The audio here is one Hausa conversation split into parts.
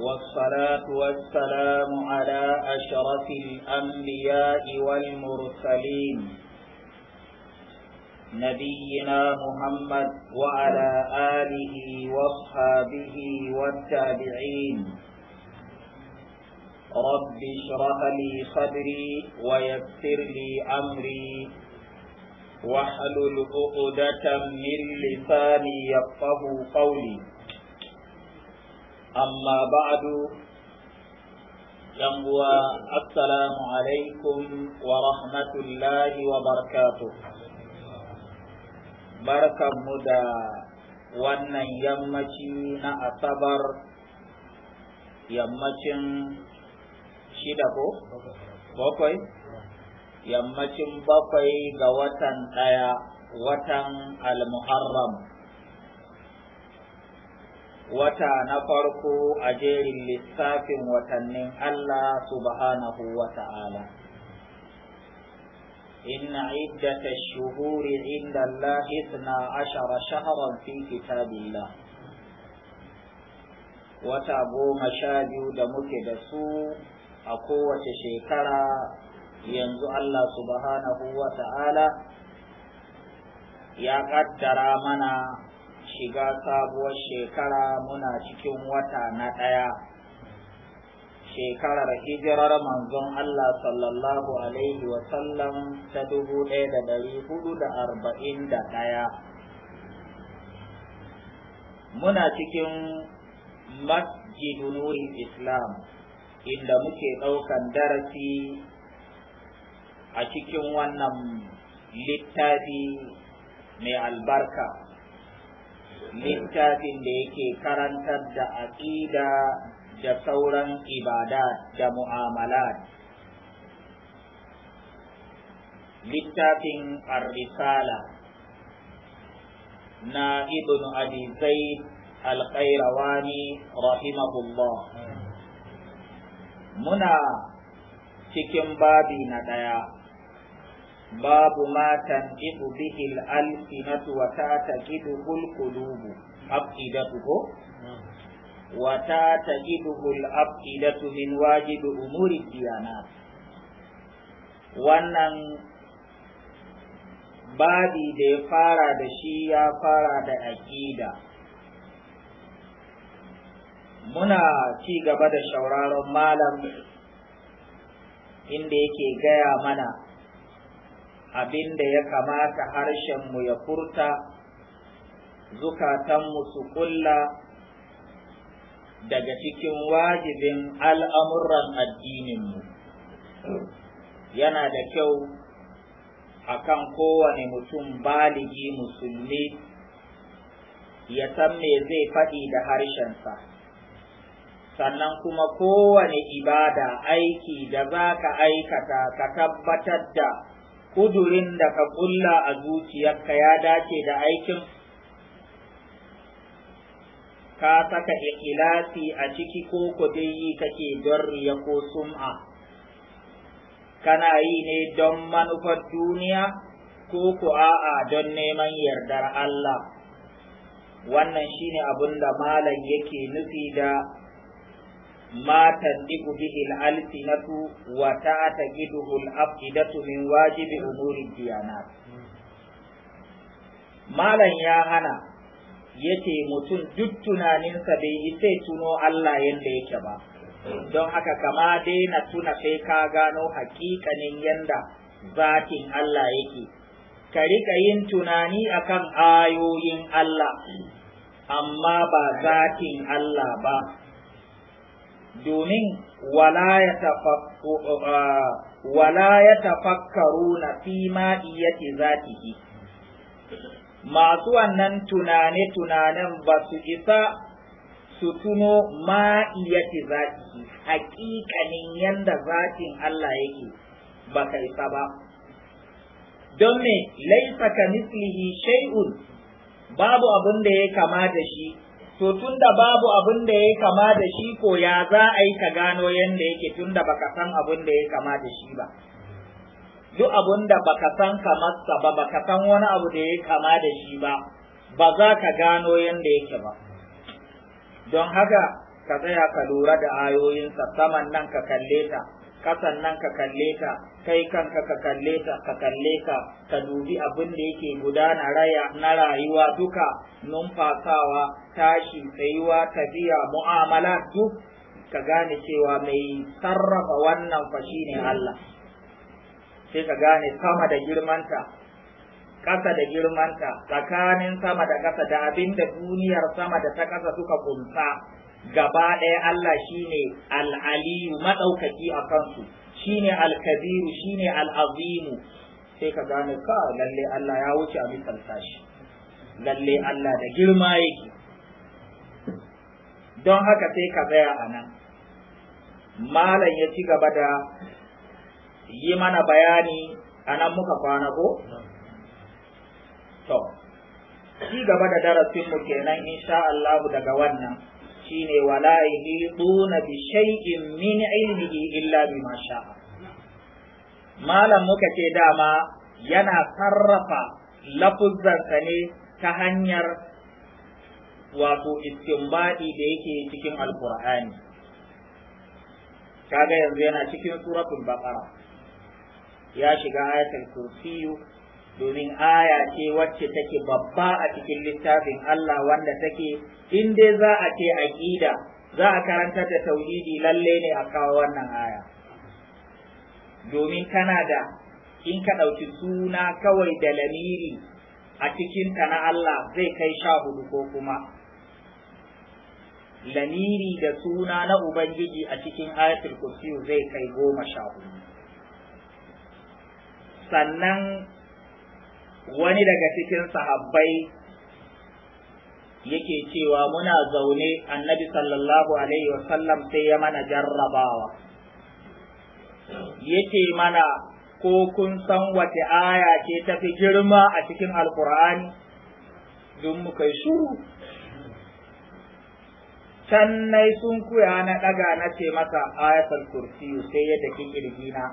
والصلاة والسلام على أشرف الأنبياء والمرسلين نبينا محمد وعلى آله واصحابه والتابعين رب اشرح لي صدري ويسر لي أمري واحلل عقدة من لساني يفقه قولي amma ba'du yan uwa assalamu alaikum wa rahmatullahi wa barakatuh barkanmu da wannan yammaci na asabar yammacin shida bakwai yammacin bakwai ga watan ɗaya watan al-muharram wata na farko a jerin lissafin watannin Allah subhanahu wa ta'ala. shuhuri عدة الشهور عند الله اثنا عشر شهرا في wata goma sha biyu da muke da su a kowace shekara yanzu Allah subhanahu wa ta'ala ya ƙaddara mana shiga sabuwar shekara muna cikin wata na ɗaya shekarar hijirar manzon Allah sallallahu Alaihi wasallam ta dubu ɗaya da ɗari hudu da arba'in da ɗaya muna cikin masjidu islam inda muke ɗaukan darasi a cikin wannan littafi mai albarka littafin da yake karantar da aƙida da sauran ibada da mu'amalat littafin ar-risala na ibn abi zaid al rahimahullah muna cikin babi na ɗaya babu matan ibu به alfinatu wa ta taqidu qulubu afidatu من wa أمور الديانات wannan babi da ya fara da shi ya fara da aƙida muna ci gaba da shauraron malam inda yake gaya mana abin da ya kamata harshenmu ya furta zukatanmu su kulla daga cikin wajibin al'amuran addininmu yana da kyau akan kowane mutum baligi musulmi ya san me zai faɗi da harshensa sannan kuma kowane ibada aiki da za ka aikata ka tabbatar da kudurin da ka kulla a zuciyarka ya dace da aikin ka saka Ikilasi a ciki ko dai yi kake don riya ko sum'a kana yi ne don manufar duniya ko ku a'a don neman yardar Allah wannan shine abin da malam yake nufi da ما تنطق به الألسنة وتعتقده الأفئدة من واجب أمور الديانات malam ya hana ya ce mutum duk tunaninsa bai yi sai tuno Allah yadda yake ba don haka kama dai na tuna sai ka gano hakikanin yadda zatin Allah yake ka rika yin tunani akan ayoyin Allah amma ba zatin Allah ba domin wala ya uh, tafakkaru na fi ma'iyyati zatihi masu wannan tunane-tunanen ba su isa su tuno ma ma'iyyati zatihi hakikanin yadda zatin Allah yake ba ka isa ba don me laifaka mislihi shay'un babu abin da ya kama da shi to tunda babu abin da ya kama da shi ko ya za a yi ka gano yadda yake tunda baka san abin da ya kama da shi ba duk abin da baka san kamarsa ba baka san wani abu da ya kama da shi ba ba za ka gano yadda yake ba don haka ka tsaya ka lura da ayoyinsa saman nan ka kalle ta kasan nan ka kalle ta kai kanka ka kalle ta ka kalle ka ka dubi abin da yake gudana raya na rayuwa duka numfasawa tashi tsayuwa tafiya mu'amala duk ka gane cewa mai sarrafa wannan fa ne Allah sai ka gane sama da girmanta ƙasa da girmanta tsakanin sama da ƙasa da abin da duniyar sama da ta ƙasa suka kunsa gaba ɗaya Allah shine al'aliyu maɗaukaki a kansu shine al-kabiru shine al-azimu sai ka gane ka lalle Allah ya wuce a misalta shi lalle Allah da girma yake don haka sai ka tsaya a nan malam ya ci gaba da yi mana bayani a nan muka kwana ko? to ci gaba da darasinmu kenan insha Allah daga wannan shine wala yahiduna bi shay'in min ilmihi illa bima sha'a malam muka ce dama yana sarrafa lafuzzansa ne ta hanyar wato istinbadi da yake cikin alkur'ani kaga yanzu yana cikin suratul baqara ya shiga ayatul kursiyu domin aya ce wacce take babba a cikin littafin Allah wanda take in dai za a ce aqida za a karantar da tauhidi lalle ne a kawo wannan aya domin tana da in ka ɗauki suna kawai da lamiri a cikinta na Allah zai kai sha hudu ko kuma lamiri da suna na Ubangiji a cikin ayatul kursiyu zai kai goma sha hudu sannan wani daga cikin sahabbai yake cewa muna zaune annabi sallallahu alaihi wasallam sai ya mana jarrabawa yake mana ko kun san wace aya ce tafi girma a cikin alkur'ani don muka yi shuru can na sun kuya na ɗaga na ce masa ayatul kursiyu sai ya tafi kirgina na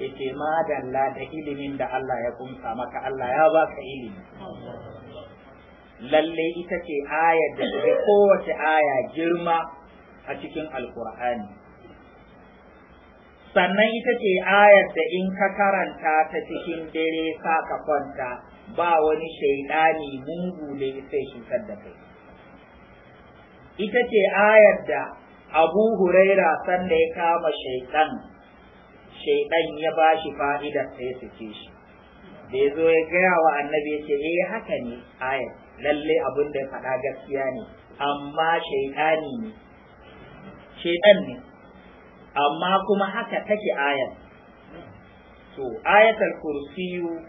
ya ce madalla da ilimin da Allah ya kunsa maka Allah ya ba ka ilimi lalle ita ce ayar da ta kowace aya girma a cikin alkur'ani sannan ita ce ayar da in ka karanta ta cikin dare sa ka kwanta ba wani shaidani mungu ne sai shi da kai ita ce ayar da abu huraira sanda ya kama shaitan shaitan ya ba shi fa'ida sai su shi da ya zo ya gaya wa annabi ce eh haka ne ayar lalle abin da ya faɗa gaskiya ne amma shaitani ne shaitan ne amma kuma haka take ayar to ayatul kursiyu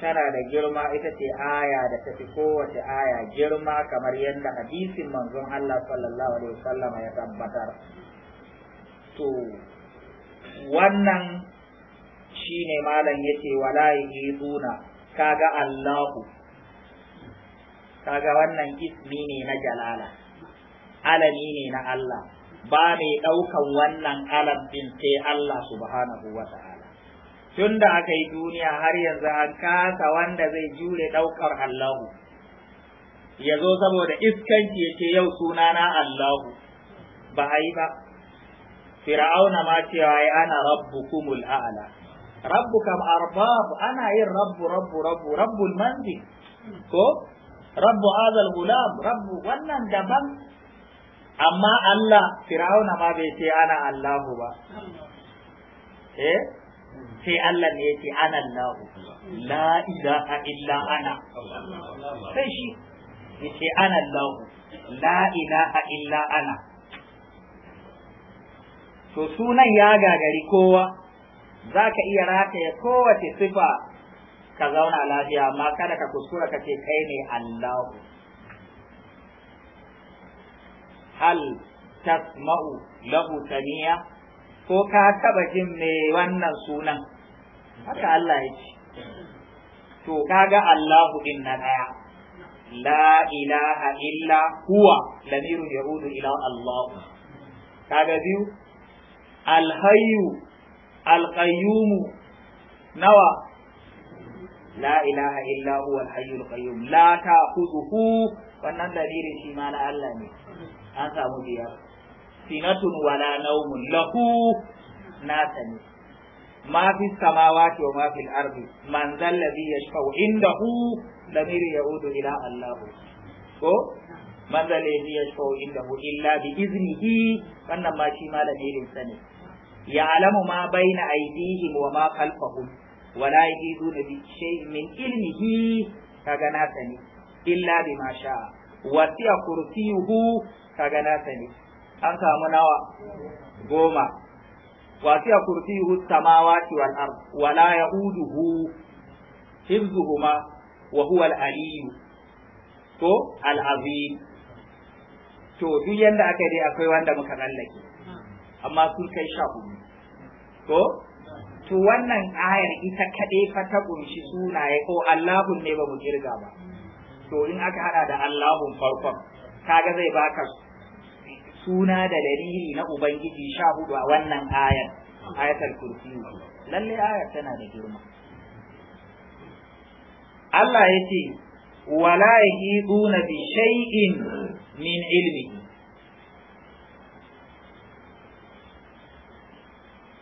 tana da girma ita ce aya da ta fi kowace aya girma kamar yadda hadisin manzon Allah sallallahu alaihi wasallam ya tabbatar to wannan shine malam yace wala yiduna kaga Allahu kaga wannan ismi ne na jalala alami ne na Allah ba mai daukan wannan alam din sai Allah subhanahu wa ta'ala tun da aka yi duniya har yanzu an kasa wanda zai jure ɗaukar Allahu ya zo saboda iskanci ya ce yau sunana Allahu ba a yi ba fir'auna ma cewa ya ana Rabbu kumul rabbukumul Rabbu kam arbab ana yin rabbu rabbu rabbu rabbul manzil ko rabbu azal gulam rabbu wannan daban amma Allah fir'auna ma bai ce ana Allahu ba eh sai Allah ne yake ana Allah la ilaha illa ana sai shi yake ana Allah la ilaha illa ana to sunan ya gagari kowa za ka iya rataye kowace sifa ka zauna lafiya amma kada ka kuskura ka ce kai ne Allahu. hal tasma'u lahu samiya ko ka taba jin me wannan sunan haka Allah ya ce to kaga Allahu din na daya la ilaha illa huwa lamiru yaudu ila Allah kaga biyu alhayyu alqayyumu nawa la ilaha illa huwa alhayyul qayyum la ta'khudhuhu wannan dalilin shi ma na Allah ne an samu biyar sinatun wala naumun lahu nasa ne ma fi samawati wa mafi arzi. Man ardi man zal inda hu indahu lamir yaudu ila Allahu. ko man zal ladhi yashfa'u indahu illa bi iznihi wannan ma shi ma lamirin sa ne alamu ma baina aydihim wa ma khalfahum wala yahiduna bi shay'in min ilmihi kaga nasa ne illa wasi a wasi'a kursiyuhu kaga nasa ne an samu nawa goma wasiya kursiyuhu samawati wal ard wa la yauduhu hifzuhuma wa huwa al'ariyu to al to duk yadda aka yi akwai wanda muka lallake amma sun kai sha hudu to to wannan ayar ita kaɗai fa ta ƙunshi sunaye ko Allahun ne ba mu kirga ba to in aka hada da Allahun farkon kaga zai baka suna da dalili na ubangiji sha hudu a wannan ayar ayatar kursi lalle ayar tana da girma Allah ya ce wala yaqiduna bi shay'in min ilmi.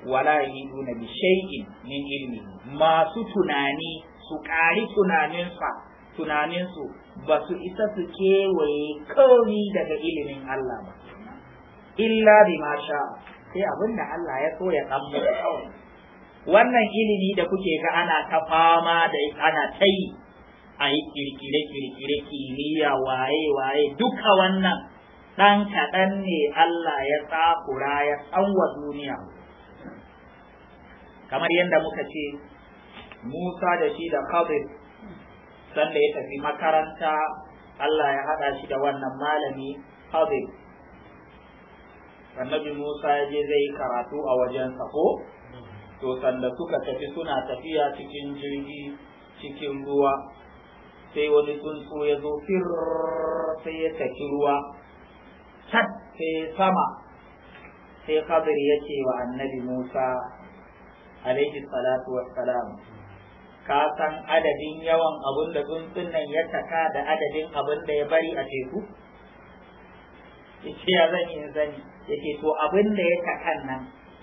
wala bi shay'in min masu tunani su ƙari tunaninsa tunaninsu ba su isa su kewaye kauri daga ilimin Allah ba illa ma sha sai abin Allah ya so ya dan wannan ilimi da kuke ga ana ta fama da ana ta yi a yi kirkire kirkire kimiyya waye waye duka wannan dan kaɗan ne Allah ya tsakura ya tsanwa duniya kamar yadda muka ce Musa da shi da Khadir sanda ya tafi makaranta Allah ya haɗa shi da wannan malami Khadir annabi Musa ya je zai karatu a wajen sako to sanda suka tafi suna tafiya cikin jirgi cikin ruwa sai wani tsuntsu ya zo fir sai ya saki ruwa cat sai sama sai kabir ya ce wa annabi Musa alaihi salatu wassalam ka san adadin yawan abun da tsuntsun nan ya taka da adadin abun da ya bari a teku? Ice ya zan yi zani. yake to abin da ya takan nan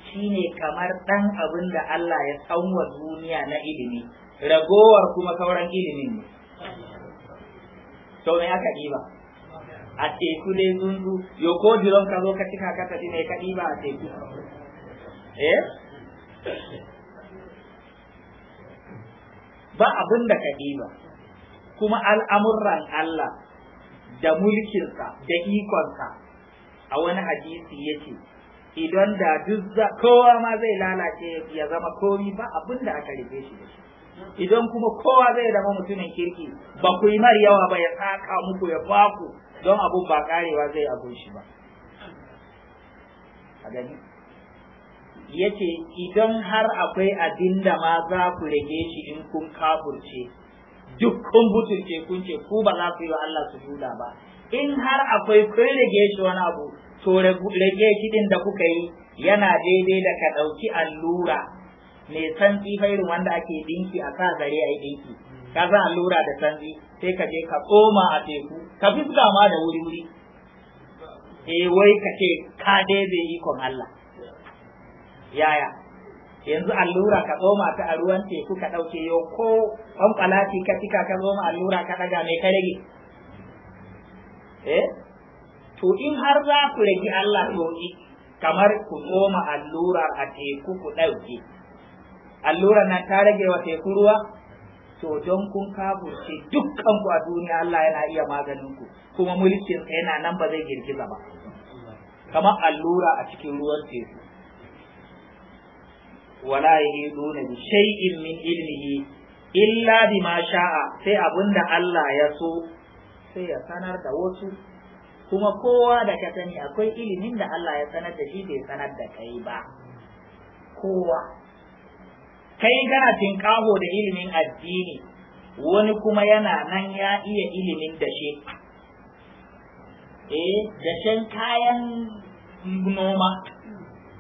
shine kamar ɗan abin da Allah ya tsanwa duniya na ilimi ragowar kuma sauran ilimin ne to ne aka ɗiba a teku dai zunzu yo ko jiron ka zo ka cika ka tafi ne ka ɗiba a teku eh ba abin da ka ɗiba kuma al'amuran Allah da mulkinsa da ikonsa a wani hadisi yake idan da kowa ma zai lalace ya zama komi ba abin aka rufe shi da shi idan kuma kowa zai zama mutumin kirki ba ku yi mar yawa ba ya saka muku ya ku, don abun ba karewa zai abun shi ba a gani yace idan har akwai abin ma za ku rage shi in kun kafurce duk kun butulce kun ce ku ba za ku yi wa Allah sujuda ba in har akwai kun rage shi wani abu to rage shi da kuka yi yana daidai da ka ɗauki allura mai santsi irin wanda ake dinki a sa zare a yi dinki ka allura da santsi sai ka je ka tsoma a teku ka suka ma da wuri wuri E, eh, wai ka ce ka daidai ikon Allah yaya yanzu allura ka tsoma ta a ruwan teku ka ɗauke yau ko kwankwalati ka cika ka tsoma allura ka ɗaga mai ka rage E, to in har za ku rage Allah to kamar ku tsoma allura a teku ku ɗauke allura nan ta rage wa teku ruwa to don kun kafurce dukkan ku a duniya Allah yana iya maganin ku kuma mulkin yana nan ba zai girgiza ba kamar allura a cikin ruwan teku wala yahiduna bi shay'in min ilmihi illa bima sha'a sai abinda Allah ya so sai ya sanar da wasu kuma kowa da ka sani akwai ilimin da Allah ya sanar da shi bai sanar da kai ba kowa kai kana kaho da ilimin addini wani kuma yana nan ya iya ilimin da shi eh dashen kayan noma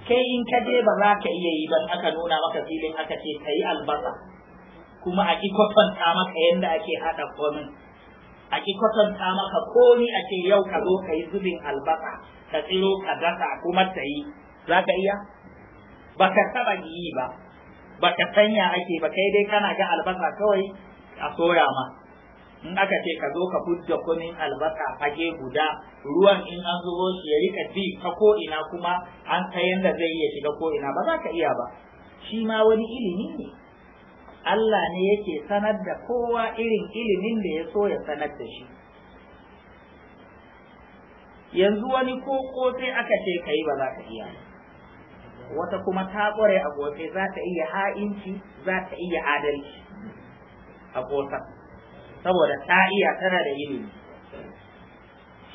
kai in ka je ba za ka iya yi ba aka nuna maka filin aka ce kai albasa kuma a ki kwatanta maka yadda ake haɗa komin a ki kwatanta maka komi a ce yau ka zo ka yi zubin albasa ka tsiro ka dasa kuma ta yi za ka iya ba ka taba yi ba ba ka sanya ake ba kai dai kana ga albasa kawai a soya ma in aka ce ka zo ka fudda kumin albasa fage guda ruwan in an zo shi ya rika bi ta ko ina kuma an ta yanda zai iya shiga ko ina ba za ka iya ba shi ma wani ilimi ne Allah ne yake sanar da kowa irin ilimin da ya so ya sanar da shi yanzu wani ko sai aka ce kai ba za ka iya wata kuma ta kware a gote za ta iya ha'inci za ta iya adalci a gotsar saboda ta iya tana da ilimi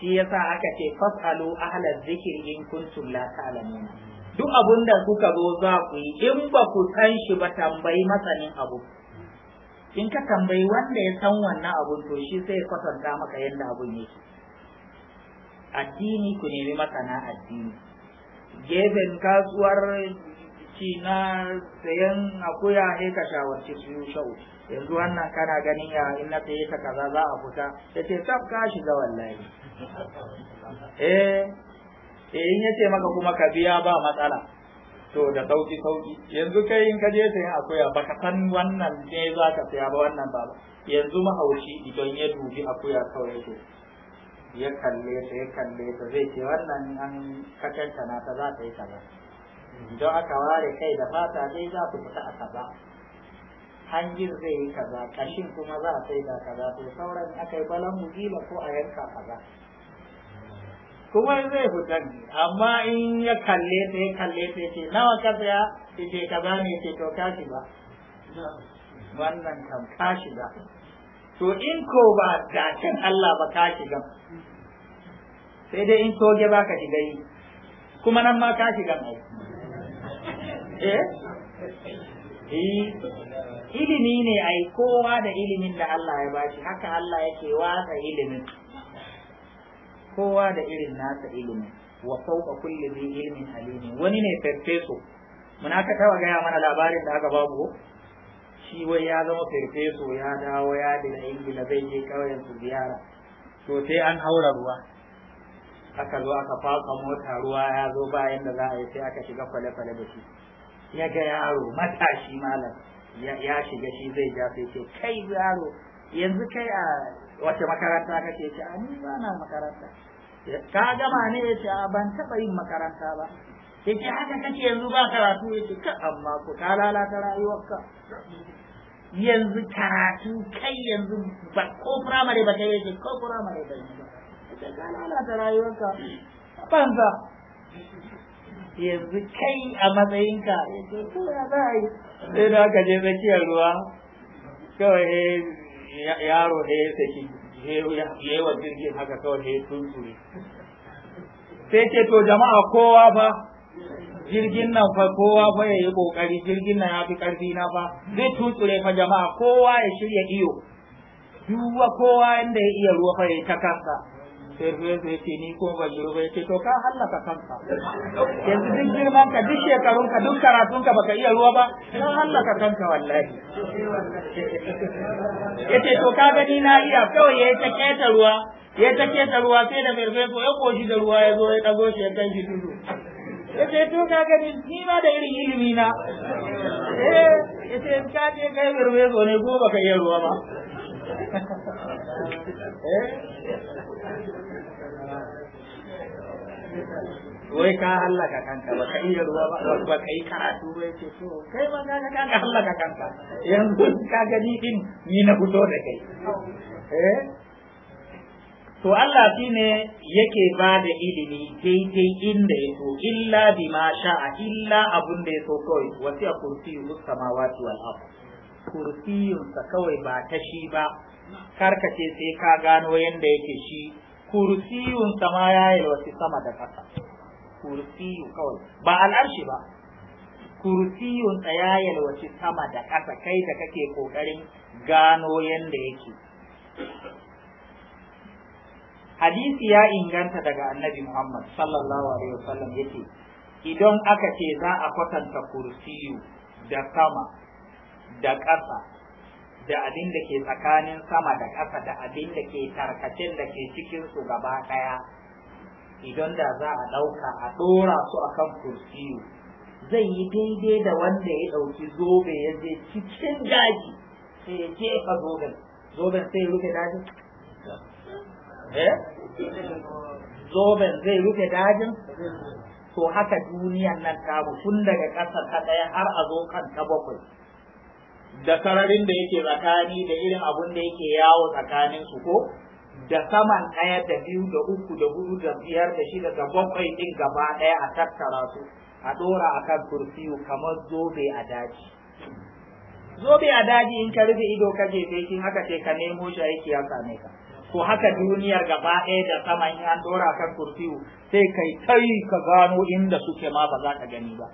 shi yasa aka ce fasalu ahlaz zikir in kuntum la ta'lamuna duk abun da kuka zo za ku yi in ba ku san shi ba tambayi masanin abu in ka tambayi wanda ya san wannan abun to shi sai kwatanta maka yadda abun yake addini ku nemi masana addini gefen kasuwar Cina na sayan akuya sai ka shawarci su shau yanzu wannan kana ganin ya in na saye ta kaza za a fita ya ce tab ka shiga wallahi eh eh in yace maka kuma ka biya ba matsala to da sauki sauki yanzu kai in ka je sai akuya baka san wannan ne za ka saya ba wannan ba yanzu mahaushi idan ya dubi akuya kawai ya kalle ta ya kalle ta zai ce wannan an na ta za ta yi kaza idan aka ware kai da fata dai za ku fita a kaza hangin zai yi kaza kashin kuma za a sai da kaza to sauran akai yi balan gila ko a yanka kaza kuma zai ne amma in ya kalle ta ya kalle ta ce nawa ka tsaya ya ce ka ba ne ce to kashi ba. wannan kam kashi ba. to in ko ba dacin Allah ba kashi shiga sai dai in toge ba ka shiga yi kuma nan ma kashi ga mai eh? eh ilimi ne ai kowa da ilimin da Allah ya bashi haka Allah yake watsa ilimin kowa da irin nasa ilimi wa fauka kulli dhi ilmin alimi wani ne farfeso mun aka taba gaya mana labarin da aka babu shi wai ya zama farfeso ya dawo ya daga ingila zai je kauyen su ziyara to sai an haura ruwa aka zo aka faka mota ruwa ya zo bayan da za a yi sai aka shiga kwale-kwale da shi ya ga yaro matashi malam ya shiga shi zai ja sai ce kai yaro yanzu kai a wace makaranta kake ce a ni ba na makaranta ka gama ne ya ce a ban taɓa yin makaranta ba ya ce haka kake yanzu ba karatu ya ce ka amma ku ka lalata rayuwarka yanzu karatu kai yanzu ba ko firamare ba kai ya ce ko firamare ba yanzu ka lalata rayuwarka banza yanzu kai a matsayinka ya ce ko ya za a yi sai da aka je tsakiyar ruwa kawai yaro ne ya saki ya yi wa jirgin haka kawai ne tuntuni sai ce to jama'a kowa fa jirgin nan fa kowa fa ya yi kokari jirgin nan ya fi karfi na fa zai tutsure fa jama'a kowa ya shirya iyo duba kowa inda ya iya ruwa fa ya ta kansa sai ruwan ce ni ko ba lura ba yace to ka hallaka kanka yanzu duk girman ka duk shekarun ka duk karatun ka baka iya ruwa ba ka hallaka kanka wallahi yace to ka gani na iya kawai yayi ta keta ruwa ya ta keta ruwa sai da merfeso ya koshi da ruwa ya zo ya dago shi ya kan shi tudu yace to ka gani ni ma da irin ilimi na eh yace ka je kai merfeso ne ko baka iya ruwa ba eh wai ka hallaka kanka ba ka iya ruwa ba ba ka yi karatu ba ce to kai ba ka ka hallaka kanka yanzu ka gani din ni na fito da kai eh to Allah ne yake ba da ilimi daidai inda ya so illa bima sha'a illa abun da ya so kawai wasi a kursiyu samawati wal ard kursiyunsa kawai ba ta shi ba karkace sai ka gano yanda yake shi kursiyun sama ya yi wasu sama da ƙasa kursiyun kawai ba al'arshi ba kursiyun ya yi wasu sama da ƙasa kai da kake ƙoƙarin gano yadda yake hadisi ya inganta daga annabi muhammad sallallahu alaihi wasallam yake idan aka ce za a kwatanta kursiyu da sama da ƙasa da abin da ke tsakanin sama da ƙasa da abin da ke tarkacin da ke cikin su gaba ɗaya idan da za a ɗauka a ɗora su akan kursiyu zai yi daidai da wanda ya ɗauki zobe ya je cikin daji sai ya jefa zoben zoben sai rufe dajin eh? zoben zai rufe dajin to haka duniyan nan ta tun daga ƙasa ta ɗaya har a zo kan ta bakwai da sararin da yake tsakani da irin abun da yake yawo tsakanin su ko da saman ɗaya da biyu da uku da hudu da biyar da shida da bakwai ɗin gaba ɗaya a tattara su a ɗora a kan kursiyu kamar zobe a daji zobe a daji in ka rufe ido ka sai kin haka ce ka nemo shi aiki ya same ka Ko haka duniyar gaba ɗaya da sama in an ɗora a kan kursiyu sai kai kai ka gano inda suke ma ba za ka gani ba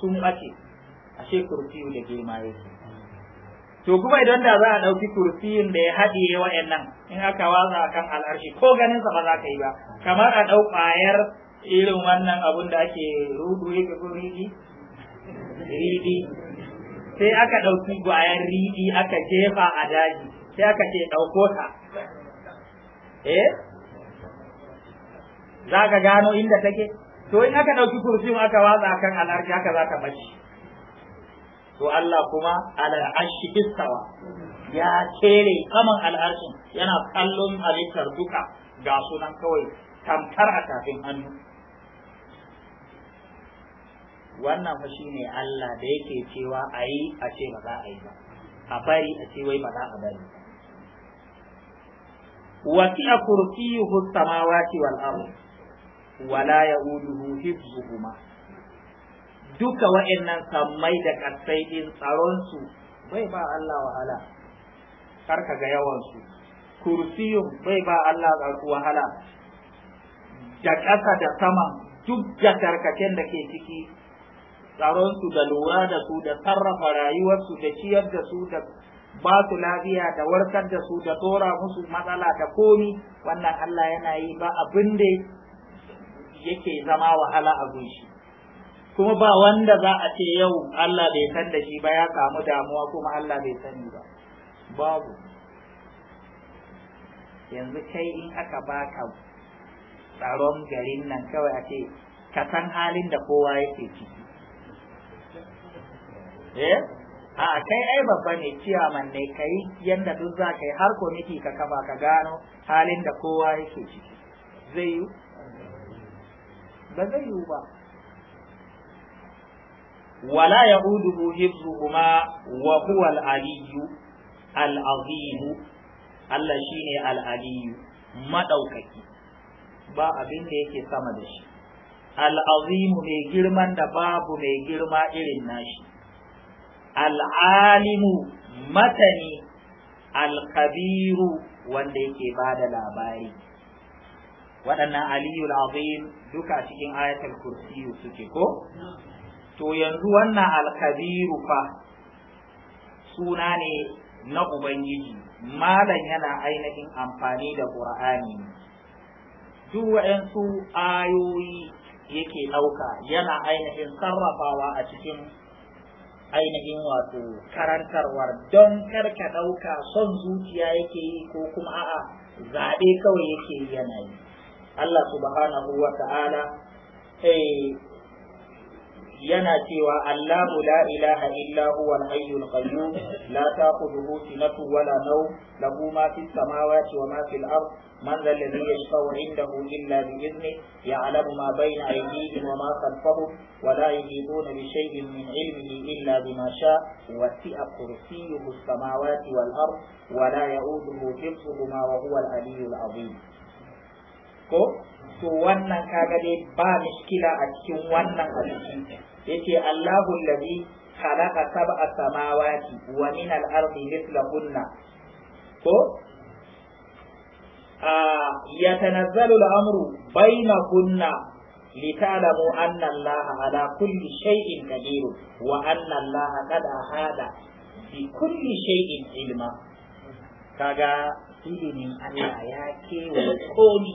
sun ɓace ashe kursiyu da girma yake to kuma idan da za a ɗauki kursiyin da ya haɗiye wa'annan in aka watsa kan al'arshi ko ganin sa ba za ka yi ba kamar a ɗau ƙwayar irin wannan abun da ake rudu yake ko riɗi riɗi sai aka ɗauki ƙwayar riɗi aka jefa a daji sai aka ce ɗauko ta eh za ka gano inda take to in aka ɗauki kursiyin aka watsa kan al'arshi haka za ka bace to Allah kuma alal arshi istawa ya kere kaman al'arshin yana kallon halittar duka ga sunan kawai tamkar a tafin hannu wannan fa ne Allah da yake cewa a yi a ce ba za a yi ba a bari a ce wai ba za a bari wasi'a kursiyuhu samawati wal wal'amu. wala ya ya'uduhu hifzuhuma duka wa'annan sammai da kasai din tsaronsu bai ba Allah wahala karka ga yawansu kursiyun bai ba Allah wahala da ƙasa da sama duk da tarkacen da ke ciki tsaronsu da lura da su da sarrafa rayuwarsu da ciyar da su da ba su lafiya da warkar da su da tora musu matsala da komi wannan Allah yana yi ba abin da yake zama wahala a gunshi kuma ba wanda za a ce yau Allah bai san da shi ba ya samu damuwa kuma Allah bai sani ba babu yanzu kai in aka baka tsaron garin nan kawai a ce ka san halin da kowa yake ciki eh a kai ai babba ne ciyaman ne kai yanda duk za ka yi har komiti ka kafa ka gano halin da kowa yake ciki zai yi ba zai yi ba wala ya'uduhu hifzuhuma wa huwa al-aliyyu al-azim Allah shine al-aliyyu madaukaki ba abin da yake sama da shi al-azim mai girman da babu mai girma irin nashi al-alimu matani al-kabiru wanda yake bada labari waɗannan aliyul azim duka cikin ayatul kursiyu suke ko to yanzu wannan alkabiru fa suna ne na ubangiji malam yana ainihin amfani da ƙur'ani duk waɗansu ayoyi yake ɗauka yana ainihin sarrafawa a cikin ainihin wato karantarwar don karka ɗauka son zuciya yake yi ko kuma a'a zaɓe kawai yake yi yana yi Allah subhanahu wa ta'ala eh yana cewa Allahu la ilaha illa huwa al-hayyul qayyum la ta'khudhuhu sinatun wa la nawm lahu ma fis samawati wa ma fil ard man dhal ladhi yashfa'u 'indahu illa bi idhnihi ya'lamu ma bayna aydihim wa ma khalfahum wa la yuhituna bi shay'in min 'ilmihi illa bima sha'a wasi'a kursiyyuhu as-samawati wal ard wa la ya'uduhu hifdhuhuma wa huwa al-'aliyyul 'azim ko to wannan kaga dai ba miskila a cikin wannan hadisi yace Allahu allazi khalaqa sab'a samawati wa min al-ardi mithlahunna ko a yatanazzalu al-amru bainahunna لتعلموا أن kulli على كل شيء قدير وأن الله قد fi kulli شيء Ilma. kaga ilimin Allah ya kewa komi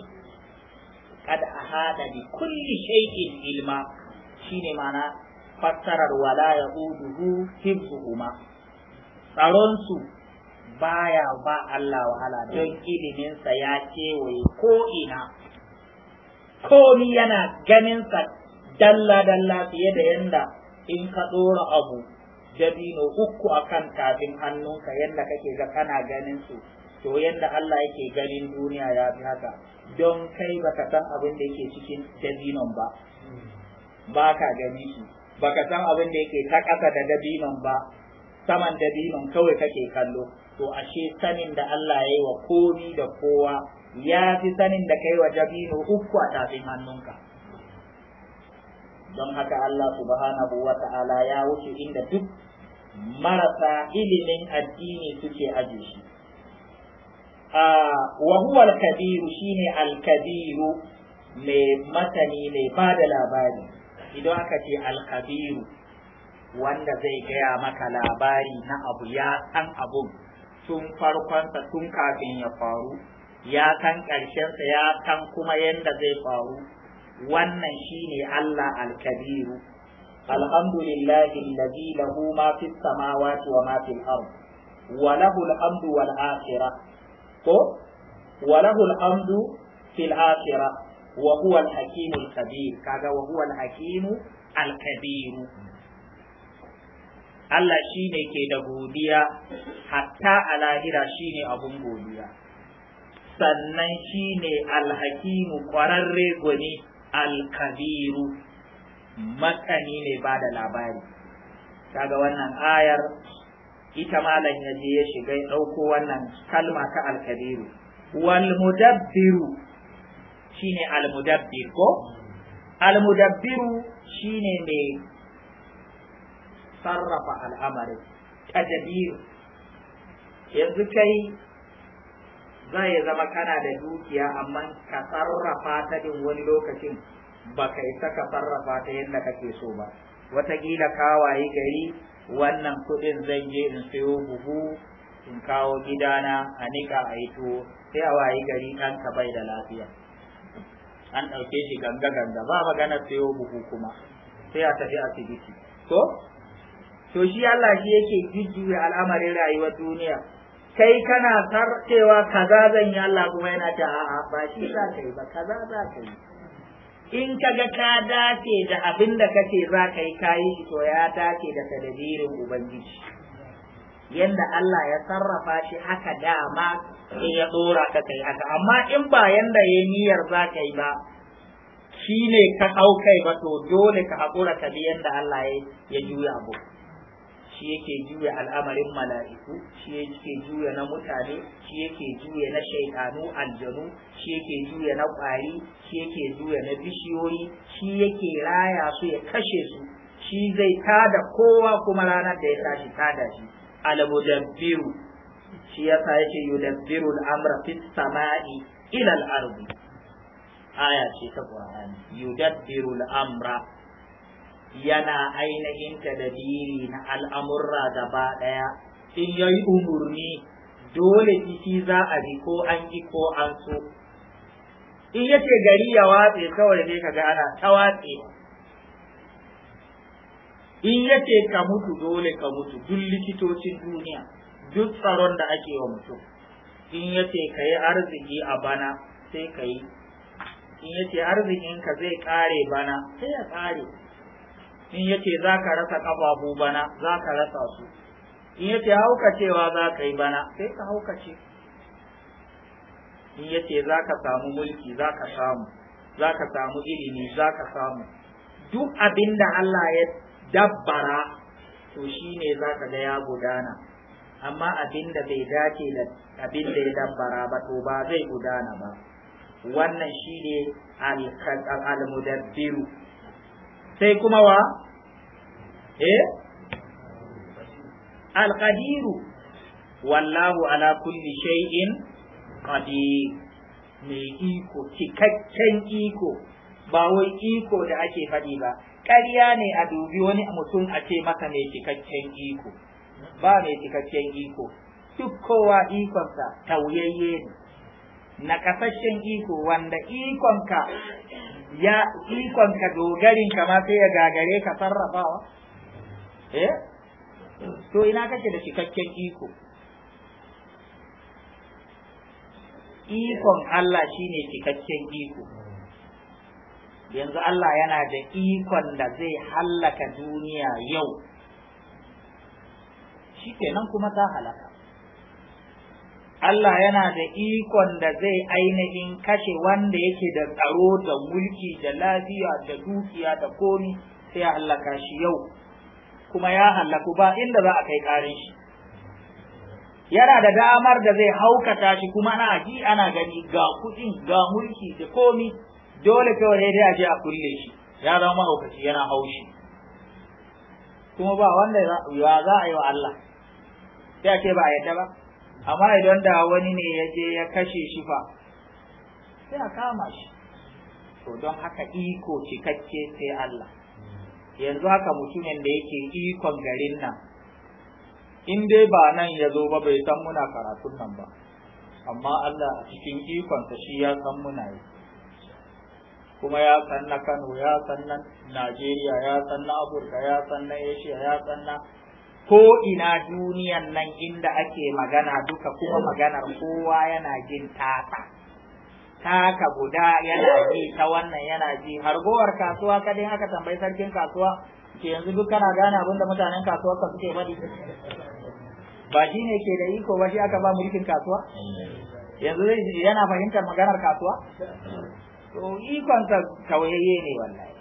kada a hada bi kulli shay'in ilma shine mana fassarar wala ya uduhu kuma. tsaronsu baya ba Allah wahala don hmm. iliminsa ya kewaye ko'ina komi yana ganinsa dalla-dalla fiye da yanda in ka ɗora abu dabino uku akan kafin hannunka yadda kake ga kana ganin su to yadda Allah yake ganin duniya ya fi haka don kai baka san abin da yake cikin jazinon ba ba ka gani shi ka san abin da yake ta ƙasa da dabiman ba saman dabiman kawai kake kallo to ashe sanin da Allah ya yi wa komi da kowa ya fi sanin da kai wa dabino uku a tafin hannunka don haka Allah subhanahu wa ta'ala ya wuce inda duk marasa ilimin addini suke aje shi wa huwa al-kabiru shine al-kabiru mai matani mai bada labari idan aka ce alkabiru wanda zai gaya maka labari na abu ya san abun tun farkonsa tun kafin ya faru ya san ƙarshensa ya san kuma yadda zai faru wannan shine Allah alkabiru alhamdulillahi alladhi lahu ma fis samawati wa ma fil ard wa lahu alhamdu wal akhirah ko wa lahu fil akhirah wa huwa al-hakimul kabir kaga wa huwa al-hakimu al-kabir Allah shine ke da godiya hatta a lahira shine abun godiya sannan shine al-hakimu kwararre gwani al kabir makani ne ba da labari kaga wannan ayar ita malam ya je ya shiga ɗauko wannan kalma ta al kabir wal mudabbiru shine al-mudabbir ko al-mudabbiru shine mai sarrafa al'amari tadbir yanzu kai zai zama kana da dukiya amma ka sarrafa ta din wani lokacin ba ka isa ka sarrafa ta yadda kake so ba wataƙila kawaye gari wannan kuɗin zan je in sayo buhu in kawo gidana a niƙa a yi tuwo sai a waye gari ɗanka bai da lafiya an ɗauke shi ganga ganga ba magana sayo buhu kuma sai a tafi asibiti to to shi Allah shi yake jujjuya al'amarin rayuwar duniya kai kana sarkewa kaza zan yi Allah kuma yana ta a'a ba shi za ka yi ba kaza za ka yi in ka ga ka dace da abin da kace za ka yi kayi to ya dace da tadbirin ubangiji yanda Allah ya sarrafa shi haka dama sai ya dora ka kai haka amma in ba yanda yayi niyyar za ka yi ba shi ne ka hau kai ba to dole ka haƙura ka bi yanda Allah ya juya abu shi yake juya al'amarin mala'iku shi yake juya na mutane shi yake juya na shaitanu aljanu shi yake juya na ƙwari shi yake juya na bishiyoyi shi yake raya su ya kashe su shi zai tada kowa kuma ranar da ya tashi tada shi al-mudabbiru shi yasa yake yudabbiru al-amra fi sama'i ila al-ardi aya ce ta Qur'ani yudabbiru al-amra yana ainihin tadabiri na al'amurra gaba daya in yayi umurni dole shi za a bi ko an yi ko an so in yace gari ya watse kawai ne kaga ana ta watse in yake ka mutu dole ka mutu duk likitocin duniya duk tsaron da ake wa mutum in yake ka yi arziki a bana sai ka yi in yake arzikinka zai kare bana sai ya kare in yake za ka rasa ƙafafu bana za ka rasa su in hauka haukacewa za ka yi bana sai ka haukace in yake za ka samu mulki za ka samu za ka samu ilimi za ka samu duk abin da Allah ya dabbara to shine za ka ga ya gudana amma abin da bai dace da abin da ya dabbara ba to ba zai gudana ba wannan shine al-mudabbiru sai kuma wa eh al-qadiru wallahu ala kulli shay'in qadir mai iko cikakken iko ba wai iko da ake faɗi ba ƙarya ne a dubi wani mutum a ce masa mai cikakken iko ba mai cikakken iko duk kowa ikonsa tauyayye ne na kasashen iko wanda ikonka ya ikonka dogarin ka ma sai ya gagare ka sarrafawa eh to ina kake da cikakken iko ikon Allah shine cikakken iko yanzu Allah yana da ikon da zai hallaka duniya yau shi kenan kuma ta halaka Allah yana da ikon da zai ainihin kashe wanda yake da tsaro da mulki da lafiya da dukiya da komi sai ya hallaka shi yau kuma ya hallaku ba inda za a kai karin shi yana da damar da zai haukata shi kuma na ji ana gani ga kuɗin ga mulki da komi dole kawai sai dai a je a kulle shi ya zama mahaukaci yana haushi kuma ba wanda ya za a yi wa Allah sai a ba a yadda ba amma idan da wani ne ya je ya kashe shi fa sai a kama shi to don haka iko cikakke sai Allah yanzu haka mutumin da yake ikon garin nan in dai ba nan ya zo ba bai san muna karatun nan ba amma Allah a cikin ikonsa shi ya san muna yi kuma ya san na Kano ya san na Najeriya ya san na Afirka ya san na Asia ya san na ko ina duniyan nan inda ake magana duka kuma maganar kowa yana jin tata taka guda yana ji ta wannan yana ji har gowar kasuwa kadai haka tambayi sarkin kasuwa ke yanzu duk kana gane abinda mutanen kasuwa ka suke bari ba shi ne ke da iko ba shi aka ba mulkin kasuwa mm. yanzu yana fahimtar maganar kasuwa to ikonsa tauyayye ne wallahi